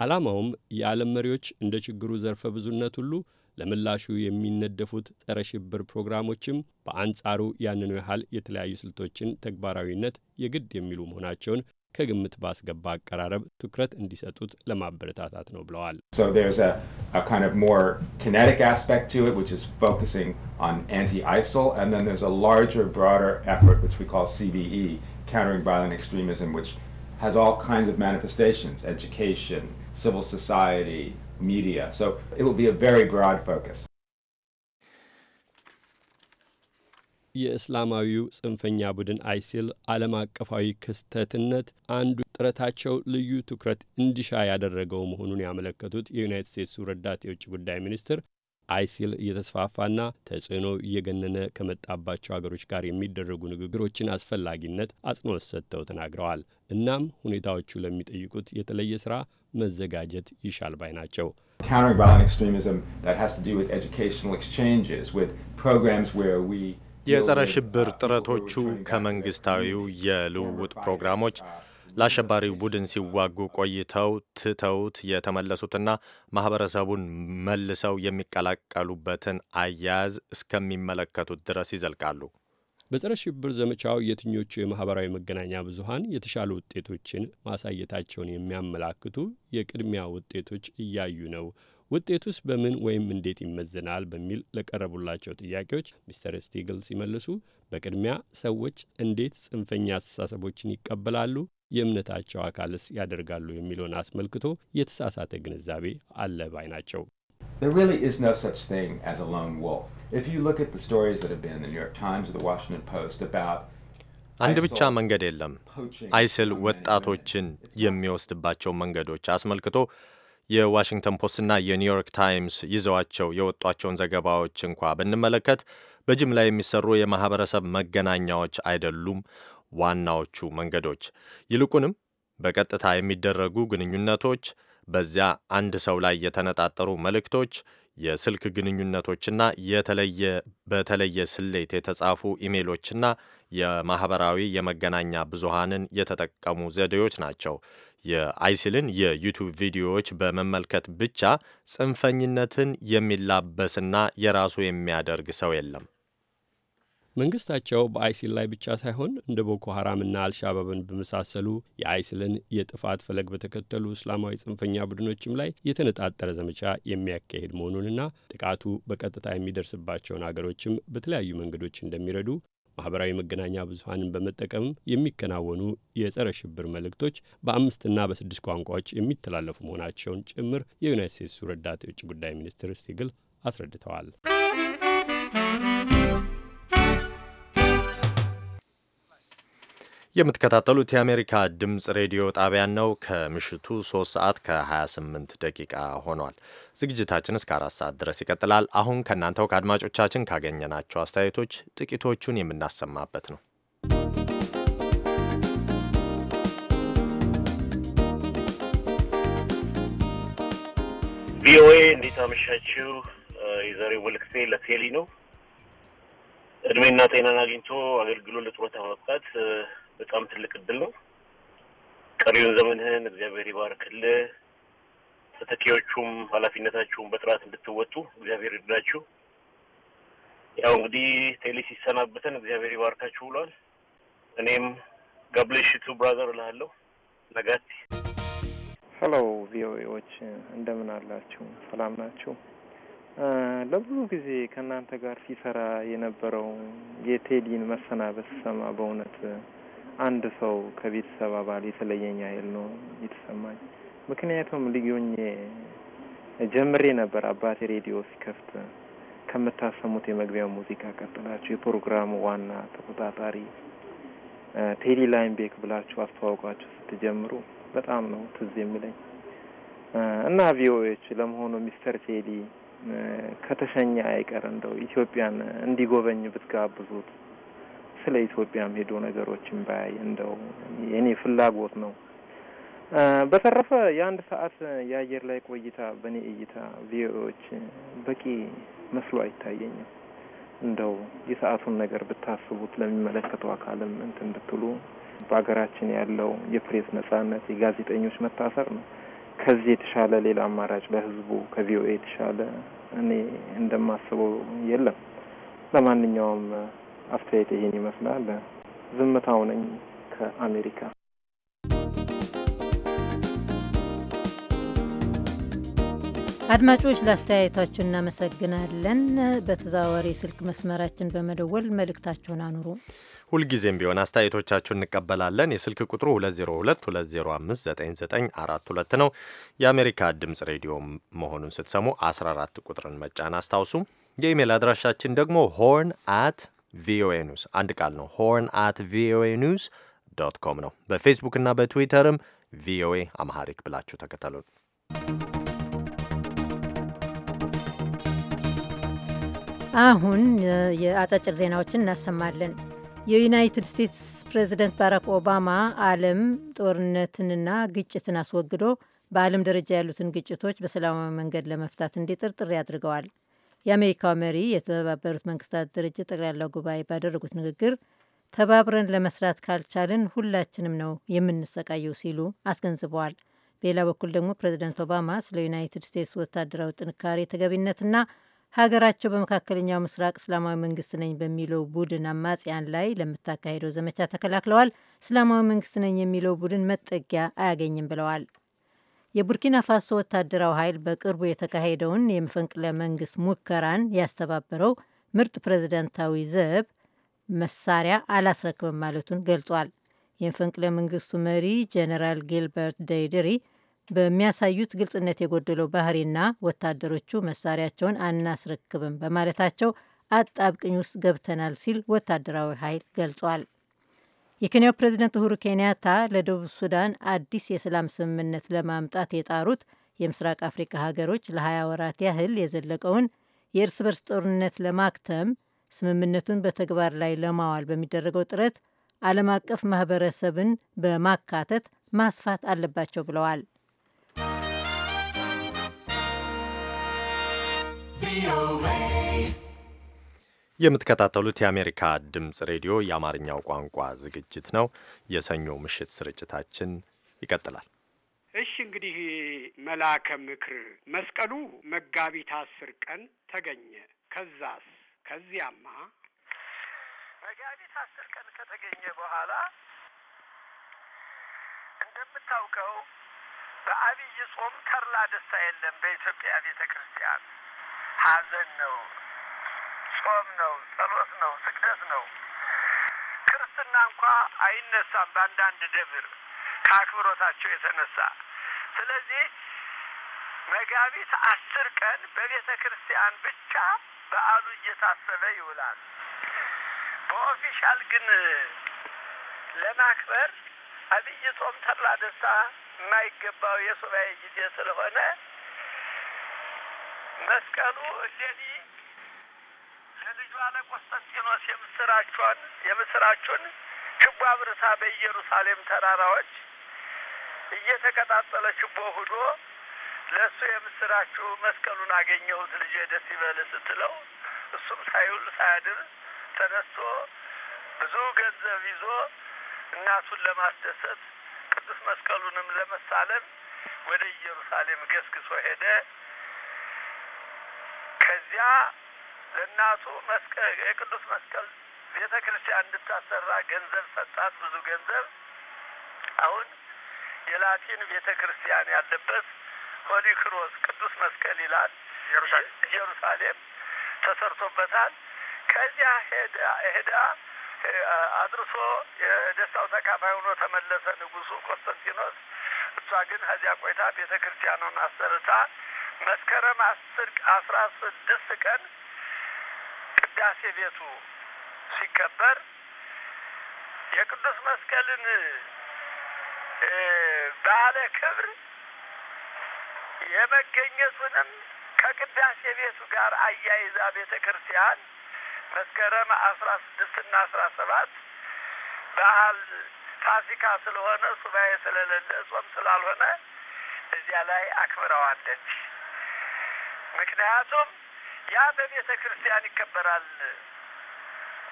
ዓላማውም የዓለም መሪዎች እንደ ችግሩ ዘርፈ ብዙነት ሁሉ ለምላሹ የሚነደፉት ጸረ ሽብር ፕሮግራሞችም በአንጻሩ ያንኑ ያህል የተለያዩ ስልቶችን ተግባራዊነት የግድ የሚሉ መሆናቸውን ከግምት ባስገባ አቀራረብ ትኩረት እንዲሰጡት ለማበረታታት ነው ብለዋል። A kind of more kinetic aspect to it, which is focusing on anti ISIL. And then there's a larger, broader effort, which we call CBE, countering violent extremism, which has all kinds of manifestations education, civil society, media. So it will be a very broad focus. የእስላማዊው ጽንፈኛ ቡድን አይሲል ዓለም አቀፋዊ ክስተትነት አንዱ ጥረታቸው ልዩ ትኩረት እንዲሻ ያደረገው መሆኑን ያመለከቱት የዩናይት ስቴትሱ ረዳት የውጭ ጉዳይ ሚኒስትር አይሲል እየተስፋፋና ተጽዕኖ እየገነነ ከመጣባቸው አገሮች ጋር የሚደረጉ ንግግሮችን አስፈላጊነት አጽንኦት ሰጥተው ተናግረዋል። እናም ሁኔታዎቹ ለሚጠይቁት የተለየ ስራ መዘጋጀት ይሻል ባይ ናቸው። countering violent extremism that has to do with educational exchanges, with programs where we የጸረ ሽብር ጥረቶቹ ከመንግስታዊው የልውውጥ ፕሮግራሞች ለአሸባሪው ቡድን ሲዋጉ ቆይተው ትተውት የተመለሱትና ማኅበረሰቡን መልሰው የሚቀላቀሉበትን አያያዝ እስከሚመለከቱት ድረስ ይዘልቃሉ። በጸረ ሽብር ዘመቻው የትኞቹ የማኅበራዊ መገናኛ ብዙሀን የተሻሉ ውጤቶችን ማሳየታቸውን የሚያመላክቱ የቅድሚያ ውጤቶች እያዩ ነው? ውጤቱስ በምን ወይም እንዴት ይመዘናል በሚል ለቀረቡላቸው ጥያቄዎች ሚስተር ስቲግል ሲመልሱ በቅድሚያ ሰዎች እንዴት ጽንፈኛ አስተሳሰቦችን ይቀበላሉ፣ የእምነታቸው አካልስ ያደርጋሉ የሚለውን አስመልክቶ የተሳሳተ ግንዛቤ አለ ባይ ናቸው። There really is no such thing as a lone wolf. If you look at the stories that have been in the New York Times or the Washington Post about አንድ ብቻ መንገድ የለም። አይስል ወጣቶችን የሚወስድባቸው መንገዶች አስመልክቶ የዋሽንግተን ፖስትና የኒውዮርክ ታይምስ ይዘዋቸው የወጧቸውን ዘገባዎች እንኳ ብንመለከት በጅምላ የሚሰሩ የማህበረሰብ መገናኛዎች አይደሉም ዋናዎቹ መንገዶች። ይልቁንም በቀጥታ የሚደረጉ ግንኙነቶች፣ በዚያ አንድ ሰው ላይ የተነጣጠሩ መልእክቶች፣ የስልክ ግንኙነቶችና የተለየ በተለየ ስሌት የተጻፉ ኢሜሎችና የማህበራዊ የመገናኛ ብዙሃንን የተጠቀሙ ዘዴዎች ናቸው የአይሲልን የዩቱብ ቪዲዮዎች በመመልከት ብቻ ጽንፈኝነትን የሚላበስና የራሱ የሚያደርግ ሰው የለም። መንግስታቸው በአይሲል ላይ ብቻ ሳይሆን እንደ ቦኮ ሐራምና አልሻባብን በመሳሰሉ የአይሲልን የጥፋት ፈለግ በተከተሉ እስላማዊ ጽንፈኛ ቡድኖችም ላይ የተነጣጠረ ዘመቻ የሚያካሄድ መሆኑንና ጥቃቱ በቀጥታ የሚደርስባቸውን አገሮችም በተለያዩ መንገዶች እንደሚረዱ ማህበራዊ መገናኛ ብዙሀንን በመጠቀም የሚከናወኑ የጸረ ሽብር መልእክቶች በአምስትና በስድስት ቋንቋዎች የሚተላለፉ መሆናቸውን ጭምር የዩናይት ስቴትሱ ረዳት የውጭ ጉዳይ ሚኒስትር ሲግል አስረድተዋል። የምትከታተሉት የአሜሪካ ድምፅ ሬዲዮ ጣቢያን ነው። ከምሽቱ 3 ሰዓት ከ28 ደቂቃ ሆኗል። ዝግጅታችን እስከ አራት ሰዓት ድረስ ይቀጥላል። አሁን ከእናንተው ከአድማጮቻችን ካገኘናቸው አስተያየቶች ጥቂቶቹን የምናሰማበት ነው። ቪኦኤ እንዴት አመሻችሁ? የዛሬው መልክቴ ለቴሊ ነው። እድሜና ጤናን አግኝቶ አገልግሎ ለጡረታ ማብቃት በጣም ትልቅ እድል ነው። ቀሪውን ዘመንህን እግዚአብሔር ይባርክልህ። ተተኪዎቹም ኃላፊነታችሁን በጥራት እንድትወጡ እግዚአብሔር ይርዳችሁ። ያው እንግዲህ ቴሌ ሲሰናበተን እግዚአብሔር ይባርካችሁ ብሏል። እኔም ቱ ብራዘር እልሃለሁ። ነጋት ሀሎ ቪኦኤዎች እንደምን አላችሁ? ሰላም ናችሁ? ለብዙ ጊዜ ከእናንተ ጋር ሲሰራ የነበረው የቴዲን መሰናበት ሰማ በእውነት አንድ ሰው ከቤተሰብ አባል የተለየኝ ያህል ነው የተሰማኝ። ምክንያቱም ልዩኜ ጀምሬ ነበር አባቴ ሬዲዮ ሲከፍት ከምታሰሙት የመግቢያ ሙዚቃ ቀጥላችሁ የፕሮግራሙ ዋና ተቆጣጣሪ ቴዲ ላይም ቤክ ብላችሁ አስተዋውቃችሁ ስትጀምሩ በጣም ነው ትዝ የሚለኝ እና ቪኦኤዎች ለመሆኑ ሚስተር ቴዲ ከተሸኘ አይቀር እንደው ኢትዮጵያን እንዲጎበኝ ብትጋብዙት ስለ ኢትዮጵያም ሄዶ ነገሮችን ባያይ እንደው የኔ ፍላጎት ነው። በተረፈ የአንድ ሰዓት የአየር ላይ ቆይታ በእኔ እይታ ቪኦኤዎች በቂ መስሎ አይታየኝም። እንደው የሰዓቱን ነገር ብታስቡት ለሚመለከተው አካልም እንትን እንድትሉ በሀገራችን ያለው የፕሬስ ነጻነት፣ የጋዜጠኞች መታሰር ነው። ከዚህ የተሻለ ሌላ አማራጭ ለህዝቡ ከቪኦኤ የተሻለ እኔ እንደማስበው የለም። ለማንኛውም አስተያየት ይሄን ይመስላል። ዝምታው ነኝ ከአሜሪካ። አድማጮች ለአስተያየታችሁ እናመሰግናለን። በተዘዋዋሪ ስልክ መስመራችን በመደወል መልእክታችሁን አኑሩ። ሁልጊዜም ቢሆን አስተያየቶቻችሁ እንቀበላለን። የስልክ ቁጥሩ 2022059942 ነው። የአሜሪካ ድምፅ ሬዲዮ መሆኑን ስትሰሙ 14 ቁጥርን መጫን አስታውሱ። የኢሜይል አድራሻችን ደግሞ ሆርን አት ቪኦኤ ኒውስ አንድ ቃል ነው። ሆርን አት ቪኦኤ ኒውስ ዶት ኮም ነው። በፌስቡክ እና በትዊተርም ቪኦኤ አማሐሪክ ብላችሁ ተከተሉን። አሁን የአጫጭር ዜናዎችን እናሰማለን። የዩናይትድ ስቴትስ ፕሬዚደንት ባራክ ኦባማ ዓለም ጦርነትንና ግጭትን አስወግዶ በዓለም ደረጃ ያሉትን ግጭቶች በሰላማዊ መንገድ ለመፍታት እንዲጥር ጥሪ አድርገዋል። የአሜሪካው መሪ የተባበሩት መንግስታት ድርጅት ጠቅላላ ጉባኤ ባደረጉት ንግግር ተባብረን ለመስራት ካልቻልን ሁላችንም ነው የምንሰቃየው ሲሉ አስገንዝበዋል። በሌላ በኩል ደግሞ ፕሬዚደንት ኦባማ ስለ ዩናይትድ ስቴትስ ወታደራዊ ጥንካሬ ተገቢነትና ሀገራቸው በመካከለኛው ምስራቅ እስላማዊ መንግስት ነኝ በሚለው ቡድን አማጽያን ላይ ለምታካሄደው ዘመቻ ተከላክለዋል። እስላማዊ መንግስት ነኝ የሚለው ቡድን መጠጊያ አያገኝም ብለዋል። የቡርኪና ፋሶ ወታደራዊ ኃይል በቅርቡ የተካሄደውን የመፈንቅለ መንግስት ሙከራን ያስተባበረው ምርጥ ፕሬዚዳንታዊ ዘብ መሳሪያ አላስረክብም ማለቱን ገልጿል። የመፈንቅለ መንግስቱ መሪ ጀነራል ጊልበርት ደይደሪ በሚያሳዩት ግልጽነት የጎደለው ባህሪና ወታደሮቹ መሳሪያቸውን አናስረክብም በማለታቸው አጣብቅኝ ውስጥ ገብተናል ሲል ወታደራዊ ኃይል ገልጿል። የኬንያው ፕሬዚደንት ኡሁሩ ኬንያታ ለደቡብ ሱዳን አዲስ የሰላም ስምምነት ለማምጣት የጣሩት የምስራቅ አፍሪካ ሀገሮች ለ20 ወራት ያህል የዘለቀውን የእርስ በርስ ጦርነት ለማክተም ስምምነቱን በተግባር ላይ ለማዋል በሚደረገው ጥረት ዓለም አቀፍ ማህበረሰብን በማካተት ማስፋት አለባቸው ብለዋል። ቪኦኤ የምትከታተሉት የአሜሪካ ድምፅ ሬዲዮ የአማርኛው ቋንቋ ዝግጅት ነው። የሰኞ ምሽት ስርጭታችን ይቀጥላል። እሺ እንግዲህ መልአከ ምክር መስቀሉ መጋቢት አስር ቀን ተገኘ። ከዛስ ከዚያማ መጋቢት አስር ቀን ከተገኘ በኋላ እንደምታውቀው በአብይ ጾም ተርላ ደስታ የለም። በኢትዮጵያ ቤተ ክርስቲያን ሐዘን ነው። ጾም ነው፣ ጸሎት ነው፣ ስግደት ነው። ክርስትና እንኳ አይነሳም በአንዳንድ ደብር ከአክብሮታቸው የተነሳ። ስለዚህ መጋቢት አስር ቀን በቤተ ክርስቲያን ብቻ በዓሉ እየታሰበ ይውላል። በኦፊሻል ግን ለማክበር አብይ ጾም ተድላ ደስታ የማይገባው የሱባኤ ጊዜ ስለሆነ መስቀሉ እንደዚህ አለ ቆስጠንጢኖስ የምስራቸውን የምስራችሁን ችቦ አብርታ በኢየሩሳሌም ተራራዎች እየተቀጣጠለ ችቦ ሁዶ ለእሱ የምስራችሁ መስቀሉን አገኘሁት ልጄ ደስ ይበል ስትለው እሱም ሳይውል ሳያድር ተነስቶ ብዙ ገንዘብ ይዞ እናቱን ለማስደሰት ቅዱስ መስቀሉንም ለመሳለም ወደ ኢየሩሳሌም ገስግሶ ሄደ። ከዚያ ለእናቱ መስቀል የቅዱስ መስቀል ቤተ ክርስቲያን እንድታሰራ ገንዘብ ሰጣት። ብዙ ገንዘብ አሁን የላቲን ቤተ ክርስቲያን ያለበት ሆሊ ክሮስ ቅዱስ መስቀል ይላል ኢየሩሳሌም ተሰርቶበታል። ከዚያ ሄዳ ሄዳ አድርሶ የደስታው ተካፋይ ሆኖ ተመለሰ ንጉሱ ቆስተንቲኖስ። እሷ ግን ከዚያ ቆይታ ቤተ ክርስቲያኑን አሰርታ መስከረም አስር አስራ ስድስት ቀን ቅዳሴ ቤቱ ሲከበር የቅዱስ መስቀልን ባለ ክብር የመገኘቱንም ከቅዳሴ ቤቱ ጋር አያይዛ ቤተ ክርስቲያን መስከረም አስራ ስድስትና አስራ ሰባት በዓል ፋሲካ ስለሆነ ሱባኤ ስለሌለ ጾም ስላልሆነ እዚያ ላይ አክብረዋለች። ምክንያቱም ያ በቤተ ክርስቲያን ይከበራል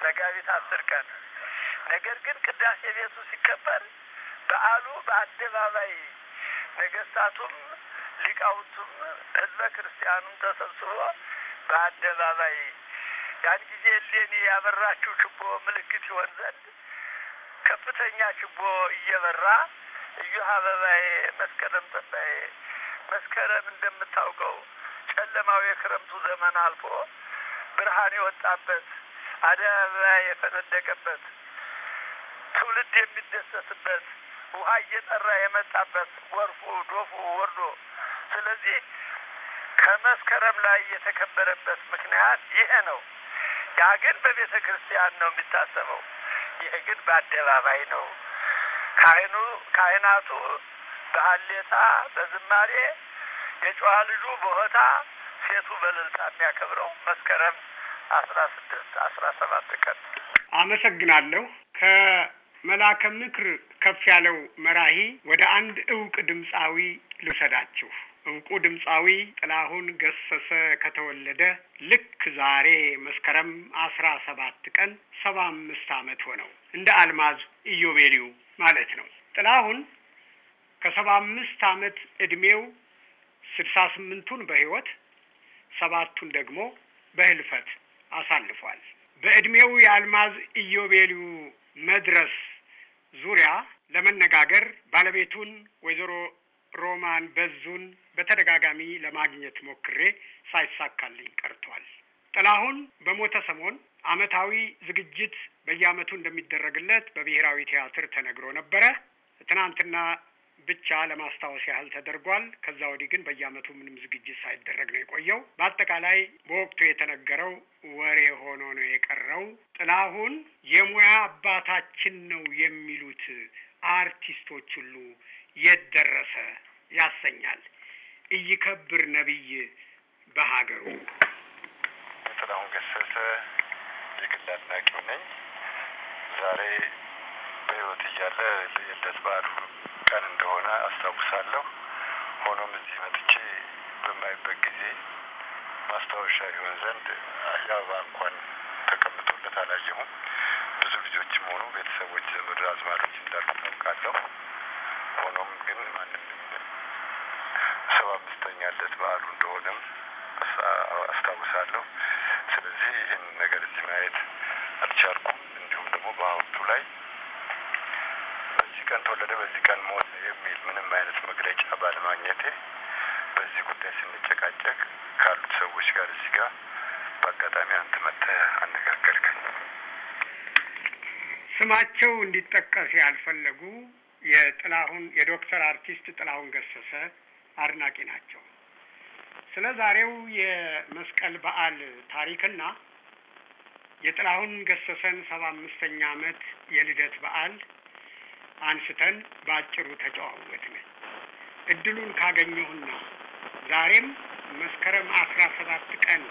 መጋቢት አስር ቀን። ነገር ግን ቅዳሴ ቤቱ ሲከበር በዓሉ በአደባባይ ነገስታቱም ሊቃውንቱም ህዝበ ክርስቲያኑም ተሰብስቦ በአደባባይ ያን ጊዜ እሌኒ ያበራችው ችቦ ምልክት ይሆን ዘንድ ከፍተኛ ችቦ እየበራ እዮሃ አበባዬ መስከረም ጠባዬ መስከረም እንደምታውቀው ጨለማው የክረምቱ ዘመን አልፎ ብርሃን የወጣበት አደይ የፈነደቀበት ትውልድ የሚደሰትበት ውሃ እየጠራ የመጣበት ወርፉ ዶፉ ወርዶ ስለዚህ ከመስከረም ላይ የተከበረበት ምክንያት ይሄ ነው። ያ ግን በቤተ ክርስቲያን ነው የሚታሰበው። ይሄ ግን በአደባባይ ነው። ካህኑ ካህናቱ በሀሌታ በዝማሬ የጨዋ ልጁ በሆታ ሴቱ በእልልታ የሚያከብረው መስከረም አስራ ስድስት አስራ ሰባት ቀን። አመሰግናለሁ። ከመላከ ምክር ከፍ ያለው መራሂ ወደ አንድ እውቅ ድምፃዊ ልውሰዳችሁ። እውቁ ድምፃዊ ጥላሁን ገሰሰ ከተወለደ ልክ ዛሬ መስከረም አስራ ሰባት ቀን ሰባ አምስት ዓመት ሆነው እንደ አልማዝ ኢዮቤልዩ ማለት ነው። ጥላሁን ከሰባ አምስት ዓመት ዕድሜው ስድሳ ስምንቱን በሕይወት ሰባቱን ደግሞ በህልፈት አሳልፏል። በዕድሜው የአልማዝ ኢዮቤልዩ መድረስ ዙሪያ ለመነጋገር ባለቤቱን ወይዘሮ ሮማን በዙን በተደጋጋሚ ለማግኘት ሞክሬ ሳይሳካልኝ ቀርቷል። ጥላሁን በሞተ ሰሞን ዓመታዊ ዝግጅት በየዓመቱ እንደሚደረግለት በብሔራዊ ቲያትር ተነግሮ ነበረ። ትናንትና ብቻ ለማስታወስ ያህል ተደርጓል። ከዛ ወዲህ ግን በየዓመቱ ምንም ዝግጅት ሳይደረግ ነው የቆየው። በአጠቃላይ በወቅቱ የተነገረው ወሬ ሆኖ ነው የቀረው። ጥላሁን የሙያ አባታችን ነው የሚሉት አርቲስቶች ሁሉ የት ደረሰ ያሰኛል። እይከብር ነቢይ በሀገሩ ጥላሁን ገሰሰ የግል ነኝ። ዛሬ በህይወት እያለ የልደት በዓል ቀን እንደሆነ አስታውሳለሁ። ሆኖም እዚህ መጥቼ በማይበት ጊዜ ማስታወሻ ይሆን ዘንድ የአበባ እንኳን ተቀምጦበት አላየሁም። ብዙ ልጆችም ሆኑ ቤተሰቦች፣ ዘመድ አዝማሪዎች እንዳሉ ታውቃለሁ። ሆኖም ግን ማንም ሰባ አምስተኛ ልደት በዓሉ እንደሆነም አስታውሳለሁ። ስለዚህ ይህን ነገር እዚህ ማየት አልቻልኩም። እንዲሁም ደግሞ በሐውልቱ ላይ ቀን ተወለደ፣ በዚህ ቀን ሞት የሚል ምንም አይነት መግለጫ ባለማግኘቴ በዚህ ጉዳይ ስንጨቃጨቅ ካሉት ሰዎች ጋር እዚህ ጋር በአጋጣሚ አንተ መጥተህ አነጋገርከኝ። ስማቸው እንዲጠቀስ ያልፈለጉ የጥላሁን የዶክተር አርቲስት ጥላሁን ገሰሰ አድናቂ ናቸው። ስለ ዛሬው የመስቀል በዓል ታሪክና የጥላሁን ገሰሰን ሰባ አምስተኛ ዓመት የልደት በዓል አንስተን በአጭሩ ተጨዋወትን። እድሉን ካገኘሁና ዛሬም መስከረም አስራ ሰባት ቀን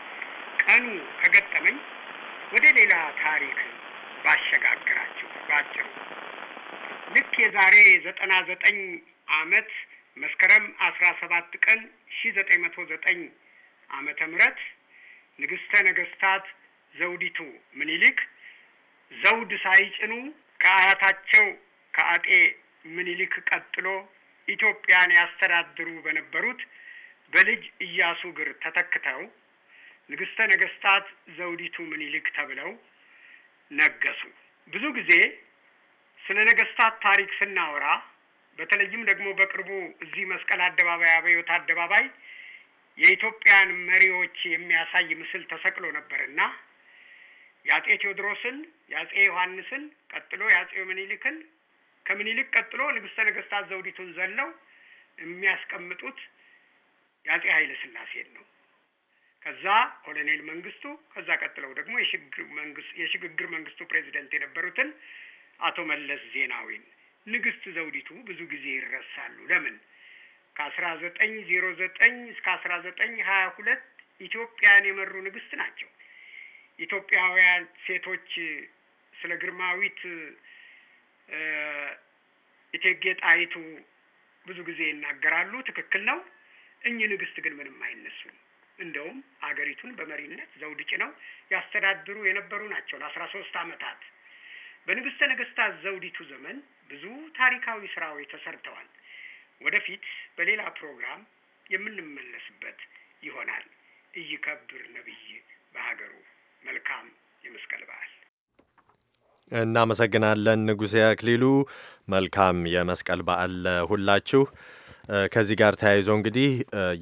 ቀኑ ከገጠመኝ ወደ ሌላ ታሪክ ባሸጋግራችሁ ባጭሩ ልክ የዛሬ ዘጠና ዘጠኝ አመት መስከረም አስራ ሰባት ቀን ሺ ዘጠኝ መቶ ዘጠኝ አመተ ምህረት ንግስተ ነገስታት ዘውዲቱ ምኒልክ ዘውድ ሳይጭኑ ከአያታቸው ከአጤ ምኒልክ ቀጥሎ ኢትዮጵያን ያስተዳድሩ በነበሩት በልጅ እያሱ እግር ተተክተው ንግሥተ ነገሥታት ዘውዲቱ ምኒልክ ተብለው ነገሱ። ብዙ ጊዜ ስለ ነገሥታት ታሪክ ስናወራ በተለይም ደግሞ በቅርቡ እዚህ መስቀል አደባባይ፣ አብዮት አደባባይ የኢትዮጵያን መሪዎች የሚያሳይ ምስል ተሰቅሎ ነበርና የአጼ ቴዎድሮስን፣ የአጼ ዮሐንስን ቀጥሎ የአጼ ምኒልክን ከምኒልክ ቀጥሎ ንግስተ ነገስታት ዘውዲቱን ዘለው የሚያስቀምጡት የአጼ ኃይለ ስላሴን ነው። ከዛ ኮሎኔል መንግስቱ፣ ከዛ ቀጥለው ደግሞ የሽግግር መንግስቱ ፕሬዚደንት የነበሩትን አቶ መለስ ዜናዊን። ንግስት ዘውዲቱ ብዙ ጊዜ ይረሳሉ። ለምን? ከአስራ ዘጠኝ ዜሮ ዘጠኝ እስከ አስራ ዘጠኝ ሀያ ሁለት ኢትዮጵያን የመሩ ንግስት ናቸው። ኢትዮጵያውያን ሴቶች ስለ ግርማዊት እቴጌ ጣይቱ ብዙ ጊዜ ይናገራሉ። ትክክል ነው። እኚህ ንግስት ግን ምንም አይነሱም። እንደውም አገሪቱን በመሪነት ዘውድ ጭነው ያስተዳድሩ የነበሩ ናቸው ለአስራ ሶስት አመታት በንግስተ ነገስታት ዘውዲቱ ዘመን ብዙ ታሪካዊ ስራዎች ተሰርተዋል። ወደፊት በሌላ ፕሮግራም የምንመለስበት ይሆናል። እይከብር ነቢይ በሀገሩ። መልካም የመስቀል በዓል እናመሰግናለን ንጉሴ አክሊሉ። መልካም የመስቀል በዓል ለሁላችሁ። ከዚህ ጋር ተያይዞ እንግዲህ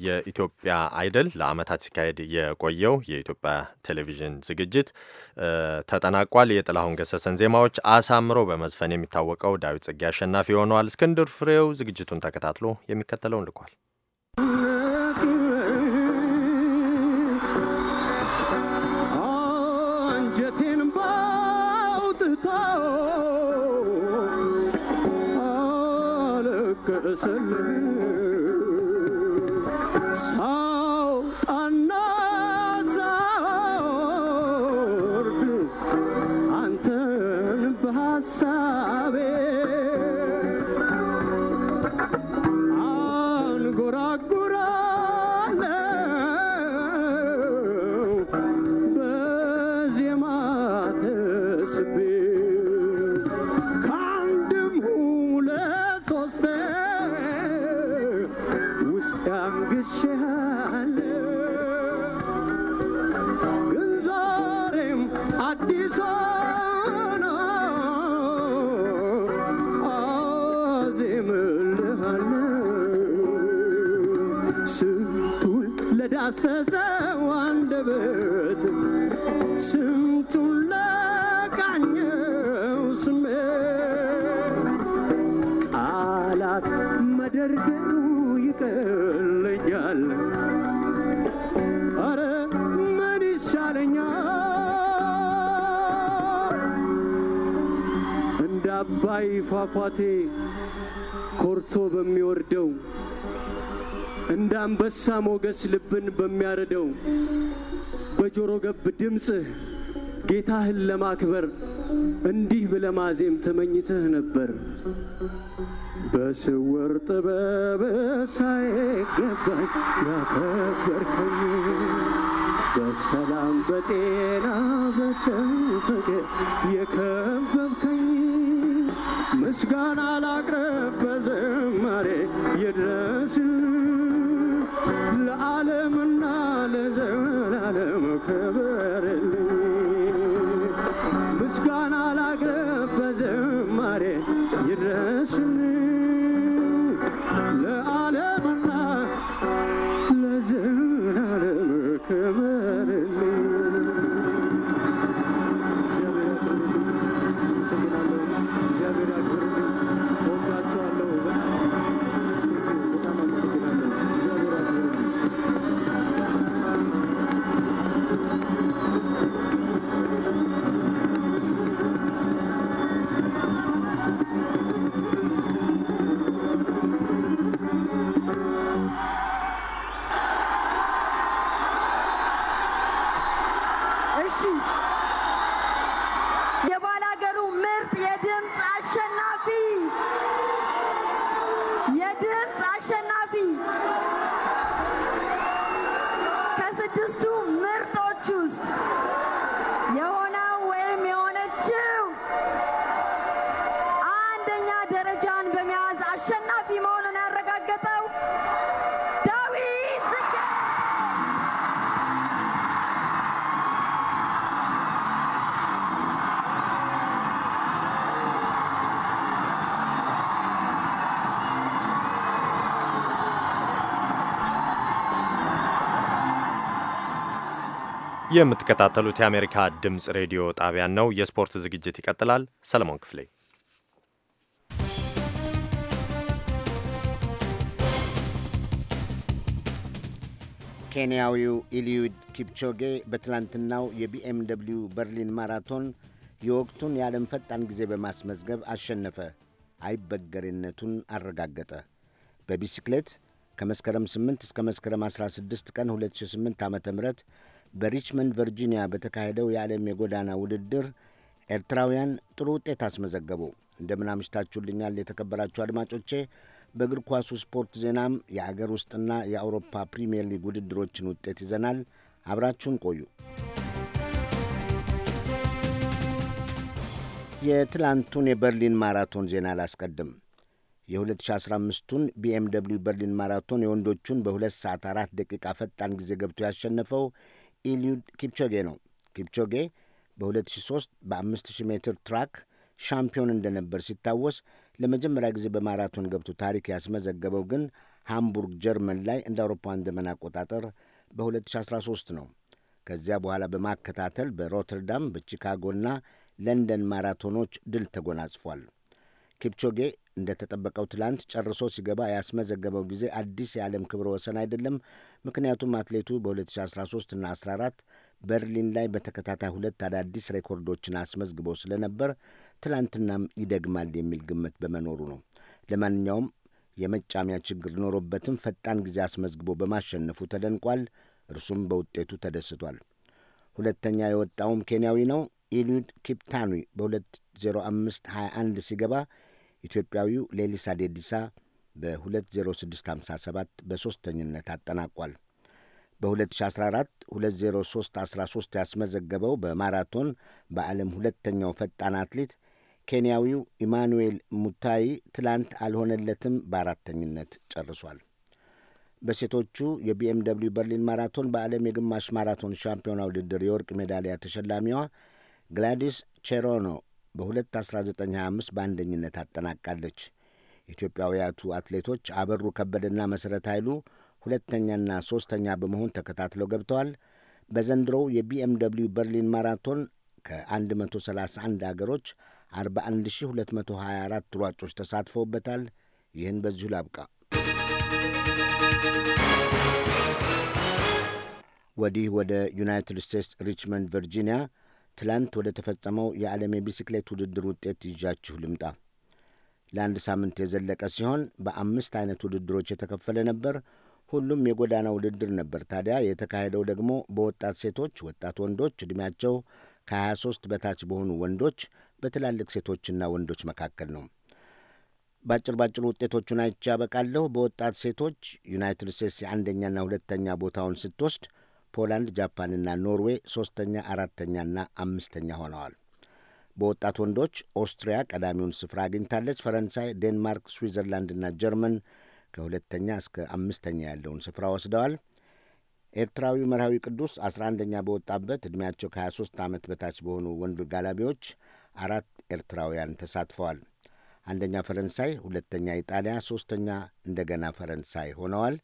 የኢትዮጵያ አይደል ለአመታት ሲካሄድ የቆየው የኢትዮጵያ ቴሌቪዥን ዝግጅት ተጠናቋል። የጥላሁን ገሰሰን ዜማዎች አሳምሮ በመዝፈን የሚታወቀው ዳዊት ጽጌ አሸናፊ ሆነዋል። እስክንድር ፍሬው ዝግጅቱን ተከታትሎ የሚከተለውን ልኳል። Jerusalem. ፏፏቴ ኮርቶ በሚወርደው እንደ አንበሳ ሞገስ ልብን በሚያረደው በጆሮ ገብ ድምፅህ ጌታህን ለማክበር እንዲህ ብለማዜም ተመኝተህ ነበር። በስውር ጥበብ ሳይገባኝ ያከበርከኝ በሰላም በጤና በሰው ፈገግ የከበብከኝ ምስጋና ላቅርብ በዝማሬ ይድረስልን ለዓለምና ለዘላለም ክብርልኝ ምስጋና የምትከታተሉት የአሜሪካ ድምፅ ሬዲዮ ጣቢያን ነው። የስፖርት ዝግጅት ይቀጥላል። ሰለሞን ክፍሌ ኬንያዊው ኢልዩድ ኪፕቾጌ በትላንትናው የቢኤም ደብልዩ በርሊን ማራቶን የወቅቱን የዓለም ፈጣን ጊዜ በማስመዝገብ አሸነፈ፣ አይበገሬነቱን አረጋገጠ። በቢስክሌት ከመስከረም 8 እስከ መስከረም 16 ቀን 2008 ዓ ም በሪችመንድ ቨርጂኒያ በተካሄደው የዓለም የጎዳና ውድድር ኤርትራውያን ጥሩ ውጤት አስመዘገቡ። እንደምን አምሽታችሁልኛል የተከበራችሁ አድማጮቼ። በእግር ኳሱ ስፖርት ዜናም የአገር ውስጥና የአውሮፓ ፕሪምየር ሊግ ውድድሮችን ውጤት ይዘናል። አብራችሁን ቆዩ። የትላንቱን የበርሊን ማራቶን ዜና አላስቀድም። የ2015ቱን ቢኤምደብሊው በርሊን ማራቶን የወንዶቹን በ2 ሰዓት 4 ደቂቃ ፈጣን ጊዜ ገብቶ ያሸነፈው ኢልዩድ ኪፕቾጌ ነው። ኪፕቾጌ በ2003 በ5000 ሜትር ትራክ ሻምፒዮን እንደነበር ሲታወስ ለመጀመሪያ ጊዜ በማራቶን ገብቶ ታሪክ ያስመዘገበው ግን ሃምቡርግ ጀርመን ላይ እንደ አውሮፓውያን ዘመን አቆጣጠር በ2013 ነው። ከዚያ በኋላ በማከታተል በሮተርዳም በቺካጎና ለንደን ማራቶኖች ድል ተጎናጽፏል። ኪፕቾጌ እንደተጠበቀው ትላንት ጨርሶ ሲገባ ያስመዘገበው ጊዜ አዲስ የዓለም ክብረ ወሰን አይደለም። ምክንያቱም አትሌቱ በ2013 እና 14 በርሊን ላይ በተከታታይ ሁለት አዳዲስ ሬኮርዶችን አስመዝግቦ ስለነበር ትላንትናም ይደግማል የሚል ግምት በመኖሩ ነው። ለማንኛውም የመጫሚያ ችግር ኖሮበትም ፈጣን ጊዜ አስመዝግቦ በማሸነፉ ተደንቋል። እርሱም በውጤቱ ተደስቷል። ሁለተኛ የወጣውም ኬንያዊ ነው። ኢሉድ ኪፕታኑ በ20521 ሲገባ ኢትዮጵያዊው ሌሊሳ ዴዲሳ በ20657 በሦስተኝነት አጠናቋል። በ2014 20313 ያስመዘገበው በማራቶን በዓለም ሁለተኛው ፈጣን አትሌት ኬንያዊው ኢማኑኤል ሙታይ ትላንት አልሆነለትም፣ በአራተኝነት ጨርሷል። በሴቶቹ የቢኤም ደብልዩ በርሊን ማራቶን በዓለም የግማሽ ማራቶን ሻምፒዮና ውድድር የወርቅ ሜዳሊያ ተሸላሚዋ ግላዲስ ቼሮኖ በ21925 በአንደኝነት አጠናቃለች። ኢትዮጵያውያቱ አትሌቶች አበሩ ከበደና መሠረት ኃይሉ ሁለተኛና ሦስተኛ በመሆን ተከታትለው ገብተዋል። በዘንድሮው የቢኤምደብሊው በርሊን ማራቶን ከ131 አገሮች 41224 ሯጮች ተሳትፈውበታል። ይህን በዚሁ ላብቃ። ወዲህ ወደ ዩናይትድ ስቴትስ ሪችመንድ ቨርጂኒያ ትላንት ወደ ተፈጸመው የዓለም የቢስክሌት ውድድር ውጤት ይዣችሁ ልምጣ። ለአንድ ሳምንት የዘለቀ ሲሆን በአምስት አይነት ውድድሮች የተከፈለ ነበር። ሁሉም የጎዳና ውድድር ነበር። ታዲያ የተካሄደው ደግሞ በወጣት ሴቶች፣ ወጣት ወንዶች፣ ዕድሜያቸው ከ23 በታች በሆኑ ወንዶች፣ በትላልቅ ሴቶችና ወንዶች መካከል ነው። ባጭር ባጭር ውጤቶቹን አይቼ ያበቃለሁ። በወጣት ሴቶች ዩናይትድ ስቴትስ የአንደኛና ሁለተኛ ቦታውን ስትወስድ ፖላንድ፣ ጃፓንና ኖርዌይ ሦስተኛ፣ አራተኛና አምስተኛ ሆነዋል። በወጣት ወንዶች ኦስትሪያ ቀዳሚውን ስፍራ አግኝታለች። ፈረንሳይ፣ ዴንማርክ፣ ስዊዘርላንድና ጀርመን ከሁለተኛ እስከ አምስተኛ ያለውን ስፍራ ወስደዋል። ኤርትራዊ መርሃዊ ቅዱስ 11ኛ በወጣበት ዕድሜያቸው ከ23 ዓመት በታች በሆኑ ወንድ ጋላቢዎች አራት ኤርትራውያን ተሳትፈዋል። አንደኛ ፈረንሳይ፣ ሁለተኛ ኢጣሊያ፣ ሦስተኛ እንደገና ፈረንሳይ ሆነዋል።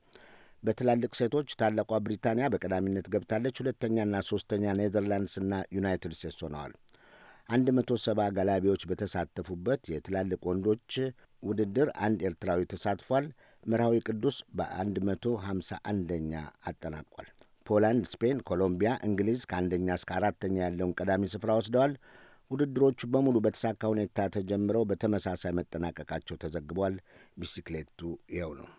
በትላልቅ ሴቶች ታላቋ ብሪታንያ በቀዳሚነት ገብታለች። ሁለተኛና ሦስተኛ ኔዘርላንድስና ዩናይትድ ስቴትስ ሆነዋል። 170 ጋላቢዎች በተሳተፉበት የትላልቅ ወንዶች ውድድር አንድ ኤርትራዊ ተሳትፏል። ምርሃዊ ቅዱስ በ151ኛ አጠናቋል። ፖላንድ፣ ስፔን፣ ኮሎምቢያ፣ እንግሊዝ ከአንደኛ እስከ አራተኛ ያለውን ቀዳሚ ስፍራ ወስደዋል። ውድድሮቹ በሙሉ በተሳካ ሁኔታ ተጀምረው በተመሳሳይ መጠናቀቃቸው ተዘግቧል። ቢሲክሌቱ ይኸው ነው።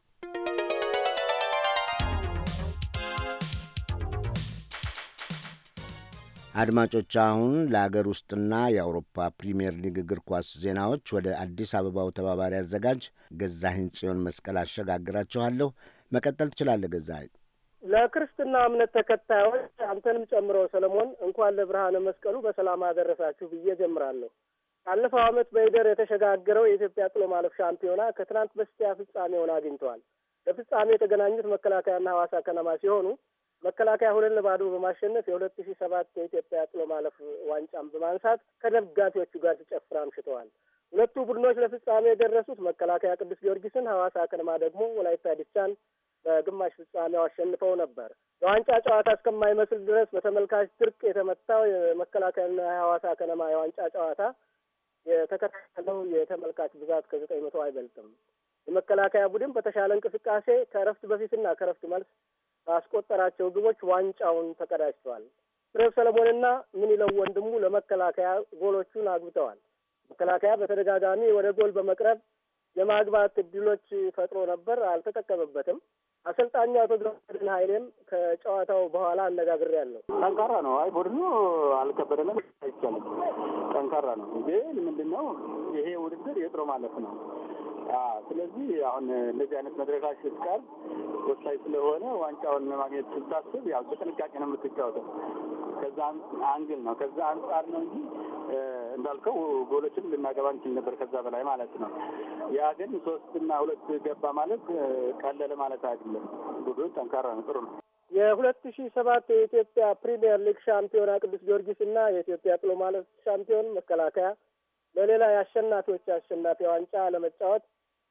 አድማጮች አሁን ለአገር ውስጥና የአውሮፓ ፕሪምየር ሊግ እግር ኳስ ዜናዎች ወደ አዲስ አበባው ተባባሪ አዘጋጅ ገዛኸኝ ጽዮን መስቀል አሸጋግራችኋለሁ። መቀጠል ትችላለህ ገዛኸኝ። ለክርስትና እምነት ተከታዮች አንተንም ጨምሮ ሰለሞን እንኳን ለብርሃነ መስቀሉ በሰላም አደረሳችሁ ብዬ ጀምራለሁ። ካለፈው ዓመት በሂደር የተሸጋገረው የኢትዮጵያ ጥሎ ማለፍ ሻምፒዮና ከትናንት በስቲያ ፍጻሜውን አግኝተዋል። ለፍጻሜ የተገናኙት መከላከያና ሐዋሳ ከነማ ሲሆኑ መከላከያ ሁለት ለባዶ በማሸነፍ የሁለት ሺ ሰባት የኢትዮጵያ ጥሎ ማለፍ ዋንጫን በማንሳት ከደጋፊዎቹ ጋር ሲጨፍር አምሽተዋል። ሁለቱ ቡድኖች ለፍጻሜ የደረሱት መከላከያ ቅዱስ ጊዮርጊስን፣ ሐዋሳ ከነማ ደግሞ ወላይታ ዲቻን በግማሽ ፍጻሜው አሸንፈው ነበር። የዋንጫ ጨዋታ እስከማይመስል ድረስ በተመልካች ድርቅ የተመታው የመከላከያና የሐዋሳ ከነማ የዋንጫ ጨዋታ የተከታተለው የተመልካች ብዛት ከዘጠኝ መቶ አይበልጥም። የመከላከያ ቡድን በተሻለ እንቅስቃሴ ከእረፍት በፊትና ከረፍት መልስ ባስቆጠራቸው ግቦች ዋንጫውን ተቀዳጅተዋል። ፍሬው ሰለሞንና ምን ይለው ወንድሙ ለመከላከያ ጎሎቹን አግብተዋል። መከላከያ በተደጋጋሚ ወደ ጎል በመቅረብ የማግባት እድሎች ፈጥሮ ነበር፣ አልተጠቀመበትም። አሰልጣኝ አቶ ገብረመድህን ኃይሌም ከጨዋታው በኋላ አነጋግሬያለሁ። ጠንካራ ነው። አይ ቡድኑ አልከበደንም፣ አይቻልም። ጠንካራ ነው ግን ምንድን ነው ይሄ ውድድር የጥሮ ማለት ነው ስለዚህ አሁን እንደዚህ አይነት መድረካች ስትቀር ወሳኝ ስለሆነ ዋንጫውን ለማግኘት ስታስብ ያው በጥንቃቄ ነው የምትጫወተው። ከዛ አንግል ነው ከዛ አንጻር ነው እንጂ እንዳልከው ጎሎችን ልናገባ እንችል ነበር ከዛ በላይ ማለት ነው። ያ ግን ሶስትና ሁለት ገባ ማለት ቀለለ ማለት አይደለም። ቡድኑ ጠንካራ ነው፣ ጥሩ ነው። የሁለት ሺ ሰባት የኢትዮጵያ ፕሪሚየር ሊግ ሻምፒዮና ቅዱስ ጊዮርጊስ እና የኢትዮጵያ ጥሎ ማለፍ ሻምፒዮን መከላከያ ለሌላ የአሸናፊዎች አሸናፊ ዋንጫ ለመጫወት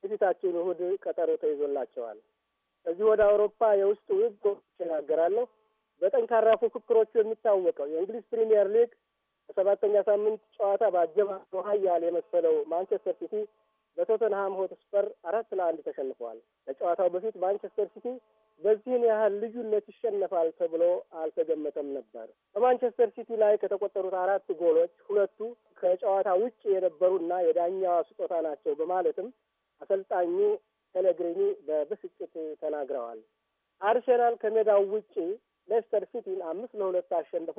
የፊታችን እሁድ ቀጠሮ ተይዞላቸዋል። ከዚህ ወደ አውሮፓ የውስጥ ውግ ይናገራለሁ። በጠንካራ ፉክክሮቹ የሚታወቀው የእንግሊዝ ፕሪሚየር ሊግ በሰባተኛ ሳምንት ጨዋታ በአጀባበሩ ኃያል የመሰለው ማንቸስተር ሲቲ በቶተንሃም ሆትስፐር አራት ለአንድ ተሸንፈዋል። ከጨዋታው በፊት ማንቸስተር ሲቲ በዚህን ያህል ልዩነት ይሸነፋል ተብሎ አልተገመተም ነበር። በማንቸስተር ሲቲ ላይ ከተቆጠሩት አራት ጎሎች ሁለቱ ከጨዋታ ውጭ የነበሩና የዳኛዋ ስጦታ ናቸው በማለትም አሰልጣኙ ፔሌግሪኒ በብስጭት ተናግረዋል። አርሰናል ከሜዳው ውጪ ሌስተር ሲቲን አምስት ለሁለት አሸንፎ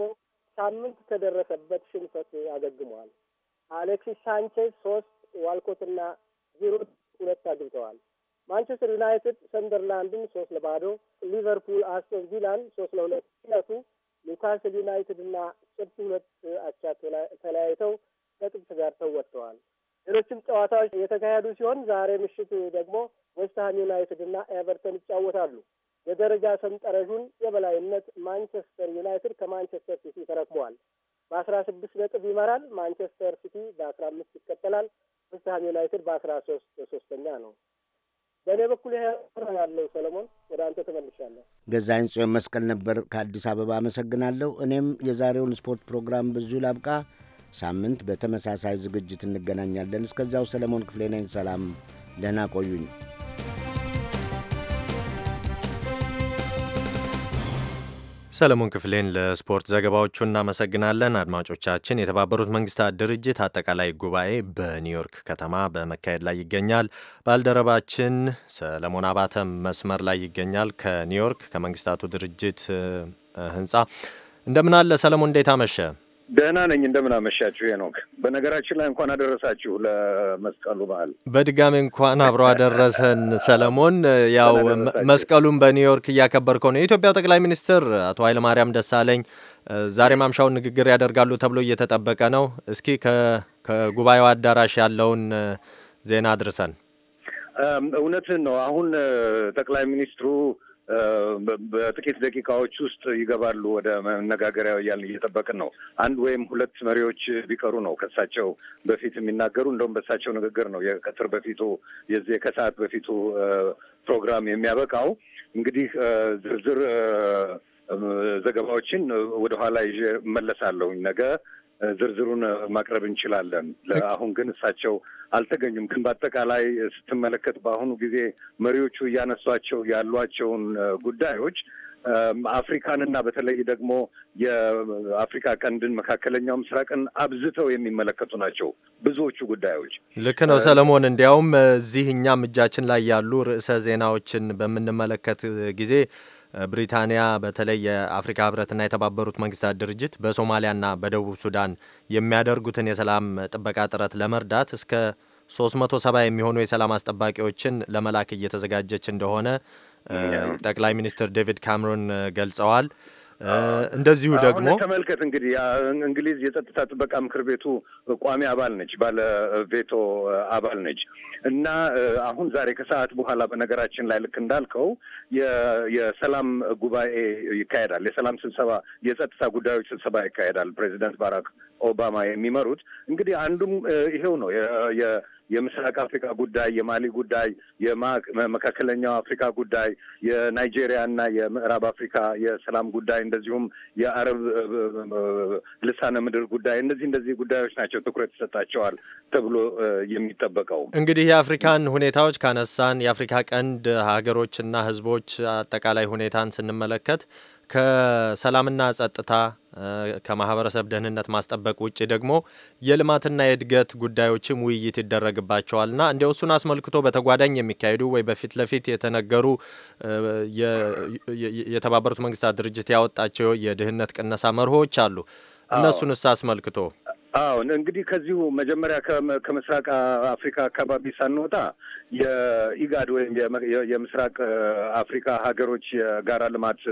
ሳምንት ከደረሰበት ሽንፈት አገግሟል። አሌክሲስ ሳንቼዝ ሶስት ዋልኮትና ዚሩት ሁለት አግብተዋል። ማንቸስተር ዩናይትድ ሰንደርላንድን ሶስት ለባዶ፣ ሊቨርፑል አስቶን ቪላን ሶስት ለሁለት ሲረቱ ኒውካስል ዩናይትድ እና ጭብስ ሁለት አቻ ተለያይተው ከጥብስ ጋር ወጥተዋል። ሌሎችም ጨዋታዎች የተካሄዱ ሲሆን ዛሬ ምሽት ደግሞ ዌስትሃም ዩናይትድ እና ኤቨርተን ይጫወታሉ። የደረጃ ሰንጠረዡን የበላይነት ማንቸስተር ዩናይትድ ከማንቸስተር ሲቲ ተረክሟል። በአስራ ስድስት ነጥብ ይመራል። ማንቸስተር ሲቲ በአስራ አምስት ይከተላል። ዌስትሃም ዩናይትድ በአስራ ሶስት ሶስተኛ ነው። በእኔ በኩል ይሄ ያለው ሰለሞን፣ ወደ አንተ ተመልሻለሁ። ገዛኸኝ ጽዮን መስቀል ነበር ከአዲስ አበባ አመሰግናለሁ። እኔም የዛሬውን ስፖርት ፕሮግራም ብዙ ላብቃ። ሳምንት በተመሳሳይ ዝግጅት እንገናኛለን። እስከዚያው ሰለሞን ክፍሌ ነኝ። ሰላም፣ ደህና ቆዩኝ። ሰለሞን ክፍሌን ለስፖርት ዘገባዎቹ እናመሰግናለን። አድማጮቻችን፣ የተባበሩት መንግስታት ድርጅት አጠቃላይ ጉባኤ በኒውዮርክ ከተማ በመካሄድ ላይ ይገኛል። ባልደረባችን ሰለሞን አባተ መስመር ላይ ይገኛል ከኒውዮርክ ከመንግስታቱ ድርጅት ህንፃ እንደምን አለ ሰለሞን? እንዴት አመሸ? ደህና ነኝ። እንደምን አመሻችሁ ሄኖክ። በነገራችን ላይ እንኳን አደረሳችሁ ለመስቀሉ በዓል። በድጋሚ እንኳን አብሮ አደረሰን ሰለሞን። ያው መስቀሉን በኒውዮርክ እያከበርከው ነው። የኢትዮጵያው ጠቅላይ ሚኒስትር አቶ ኃይለማርያም ደሳለኝ ዛሬ ማምሻውን ንግግር ያደርጋሉ ተብሎ እየተጠበቀ ነው። እስኪ ከጉባኤው አዳራሽ ያለውን ዜና አድርሰን። እውነትን ነው አሁን ጠቅላይ ሚኒስትሩ በጥቂት ደቂቃዎች ውስጥ ይገባሉ ወደ መነጋገሪያ እያልን እየጠበቅን ነው። አንድ ወይም ሁለት መሪዎች ቢቀሩ ነው ከሳቸው በፊት የሚናገሩ። እንደውም በሳቸው ንግግር ነው የቀትር በፊቱ የዚህ ከሰዓት በፊቱ ፕሮግራም የሚያበቃው። እንግዲህ ዝርዝር ዘገባዎችን ወደኋላ ይዤ እመለሳለሁኝ ነገ ዝርዝሩን ማቅረብ እንችላለን። አሁን ግን እሳቸው አልተገኙም። ግን በአጠቃላይ ስትመለከት በአሁኑ ጊዜ መሪዎቹ እያነሷቸው ያሏቸውን ጉዳዮች አፍሪካንና በተለይ ደግሞ የአፍሪካ ቀንድን መካከለኛው ምስራቅን አብዝተው የሚመለከቱ ናቸው ብዙዎቹ ጉዳዮች። ልክ ነው ሰለሞን። እንዲያውም እዚህ እኛም እጃችን ላይ ያሉ ርዕሰ ዜናዎችን በምንመለከት ጊዜ ብሪታንያ በተለይ የአፍሪካ ህብረትና የተባበሩት መንግስታት ድርጅት በሶማሊያና በደቡብ ሱዳን የሚያደርጉትን የሰላም ጥበቃ ጥረት ለመርዳት እስከ 370 የሚሆኑ የሰላም አስጠባቂዎችን ለመላክ እየተዘጋጀች እንደሆነ ጠቅላይ ሚኒስትር ዴቪድ ካምሮን ገልጸዋል። እንደዚሁ ደግሞ ተመልከት እንግዲህ እንግሊዝ የጸጥታ ጥበቃ ምክር ቤቱ ቋሚ አባል ነች፣ ባለ ቬቶ አባል ነች እና አሁን ዛሬ ከሰዓት በኋላ በነገራችን ላይ ልክ እንዳልከው የሰላም ጉባኤ ይካሄዳል። የሰላም ስብሰባ፣ የጸጥታ ጉዳዮች ስብሰባ ይካሄዳል። ፕሬዚደንት ባራክ ኦባማ የሚመሩት እንግዲህ አንዱም ይሄው ነው የምስራቅ አፍሪካ ጉዳይ፣ የማሊ ጉዳይ፣ የመካከለኛው አፍሪካ ጉዳይ፣ የናይጄሪያ እና የምዕራብ አፍሪካ የሰላም ጉዳይ እንደዚሁም የአረብ ልሳነ ምድር ጉዳይ እነዚህ እንደዚህ ጉዳዮች ናቸው ትኩረት ይሰጣቸዋል ተብሎ የሚጠበቀው። እንግዲህ የአፍሪካን ሁኔታዎች ካነሳን የአፍሪካ ቀንድ ሀገሮችና ህዝቦች አጠቃላይ ሁኔታን ስንመለከት ከሰላምና ጸጥታ ከማህበረሰብ ደህንነት ማስጠበቅ ውጭ ደግሞ የልማትና የእድገት ጉዳዮችም ውይይት ይደረግባቸዋልና እንዲ እሱን አስመልክቶ በተጓዳኝ የሚካሄዱ ወይ በፊት ለፊት የተነገሩ የተባበሩት መንግስታት ድርጅት ያወጣቸው የድህነት ቅነሳ መርሆች አሉ። እነሱንስ አስመልክቶ አሁን እንግዲህ ከዚሁ መጀመሪያ ከምስራቅ አፍሪካ አካባቢ ሳንወጣ የኢጋድ ወይም የምስራቅ አፍሪካ ሀገሮች የጋራ ልማት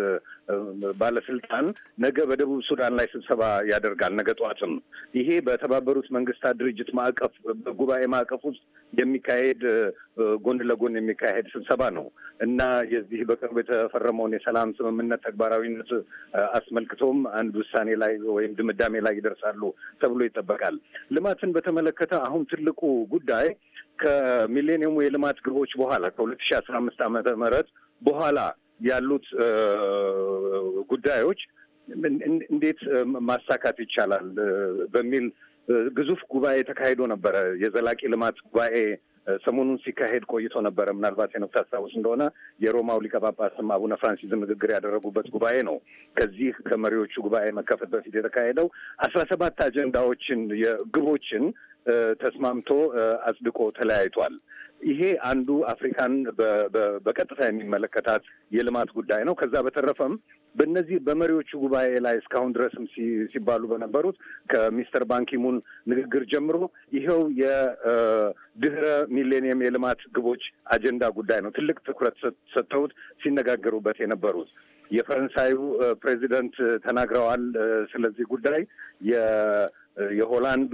ባለስልጣን ነገ በደቡብ ሱዳን ላይ ስብሰባ ያደርጋል። ነገ ጠዋትም ይሄ በተባበሩት መንግስታት ድርጅት ማዕቀፍ በጉባኤ ማዕቀፍ ውስጥ የሚካሄድ ጎን ለጎን የሚካሄድ ስብሰባ ነው እና የዚህ በቅርብ የተፈረመውን የሰላም ስምምነት ተግባራዊነት አስመልክቶም አንድ ውሳኔ ላይ ወይም ድምዳሜ ላይ ይደርሳሉ ተብሎ ይጠበቃል። ልማትን በተመለከተ አሁን ትልቁ ጉዳይ ከሚሌኒየሙ የልማት ግቦች በኋላ ከሁለት ሺ አስራ አምስት ዓመተ ምህረት በኋላ ያሉት ጉዳዮች እንዴት ማሳካት ይቻላል በሚል ግዙፍ ጉባኤ ተካሂዶ ነበረ። የዘላቂ ልማት ጉባኤ ሰሞኑን ሲካሄድ ቆይቶ ነበረ። ምናልባት ሄኖክ ታስታውስ እንደሆነ የሮማው ሊቀ ጳጳስም አቡነ ፍራንሲስ ንግግር ያደረጉበት ጉባኤ ነው። ከዚህ ከመሪዎቹ ጉባኤ መከፈት በፊት የተካሄደው አስራ ሰባት አጀንዳዎችን የግቦችን ተስማምቶ አጽድቆ ተለያይቷል። ይሄ አንዱ አፍሪካን በቀጥታ የሚመለከታት የልማት ጉዳይ ነው። ከዛ በተረፈም በእነዚህ በመሪዎቹ ጉባኤ ላይ እስካሁን ድረስም ሲባሉ በነበሩት ከሚስተር ባንኪሙን ንግግር ጀምሮ ይኸው የድህረ ሚሌኒየም የልማት ግቦች አጀንዳ ጉዳይ ነው ትልቅ ትኩረት ሰጥተውት ሲነጋገሩበት የነበሩት። የፈረንሳዩ ፕሬዚደንት ተናግረዋል ስለዚህ ጉዳይ። የሆላንዱ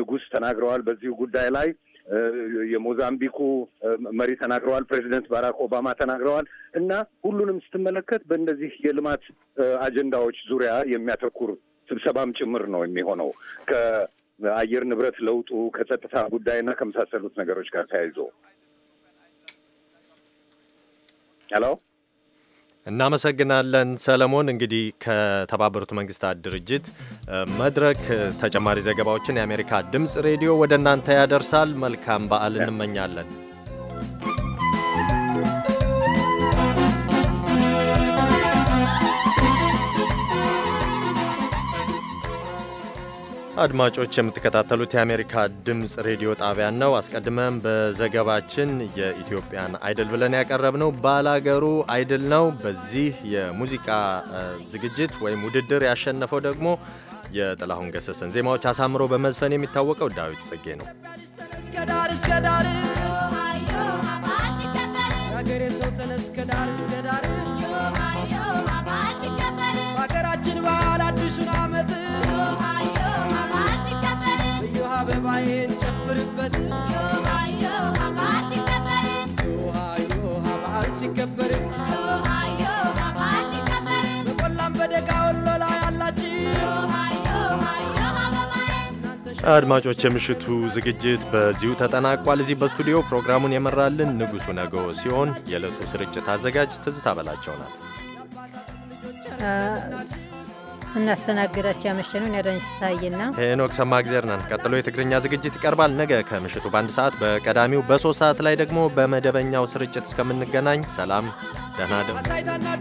ንጉሥ ተናግረዋል በዚሁ ጉዳይ ላይ የሞዛምቢኩ መሪ ተናግረዋል፣ ፕሬዚደንት ባራክ ኦባማ ተናግረዋል እና ሁሉንም ስትመለከት በእነዚህ የልማት አጀንዳዎች ዙሪያ የሚያተኩር ስብሰባም ጭምር ነው የሚሆነው ከአየር ንብረት ለውጡ ከጸጥታ ጉዳይና ከመሳሰሉት ነገሮች ጋር ተያይዞ ሄሎ እናመሰግናለን ሰለሞን። እንግዲህ ከተባበሩት መንግስታት ድርጅት መድረክ ተጨማሪ ዘገባዎችን የአሜሪካ ድምፅ ሬዲዮ ወደ እናንተ ያደርሳል። መልካም በዓል እንመኛለን። አድማጮች የምትከታተሉት የአሜሪካ ድምፅ ሬዲዮ ጣቢያን ነው። አስቀድመን በዘገባችን የኢትዮጵያን አይድል ብለን ያቀረብ ነው። ባላገሩ አይድል ነው። በዚህ የሙዚቃ ዝግጅት ወይም ውድድር ያሸነፈው ደግሞ የጥላሁን ገሰሰን ዜማዎች አሳምሮ በመዝፈን የሚታወቀው ዳዊት ጽጌ ነው። ዳር አድማጮች የምሽቱ ዝግጅት በዚሁ ተጠናቋል። እዚህ በስቱዲዮ ፕሮግራሙን የመራልን ንጉሱ ነገው ሲሆን የዕለቱ ስርጭት አዘጋጅ ትዝታ በላቸው ናት። ስናስተናግዳቸው ያመሸነውን ያዳነች ሳይና ሄኖክ ሰማ ጊዜር ነን። ቀጥሎ የትግርኛ ዝግጅት ይቀርባል። ነገ ከምሽቱ በአንድ ሰዓት በቀዳሚው በሶስት ሰዓት ላይ ደግሞ በመደበኛው ስርጭት እስከምንገናኝ ሰላም፣ ደህና ደሩ።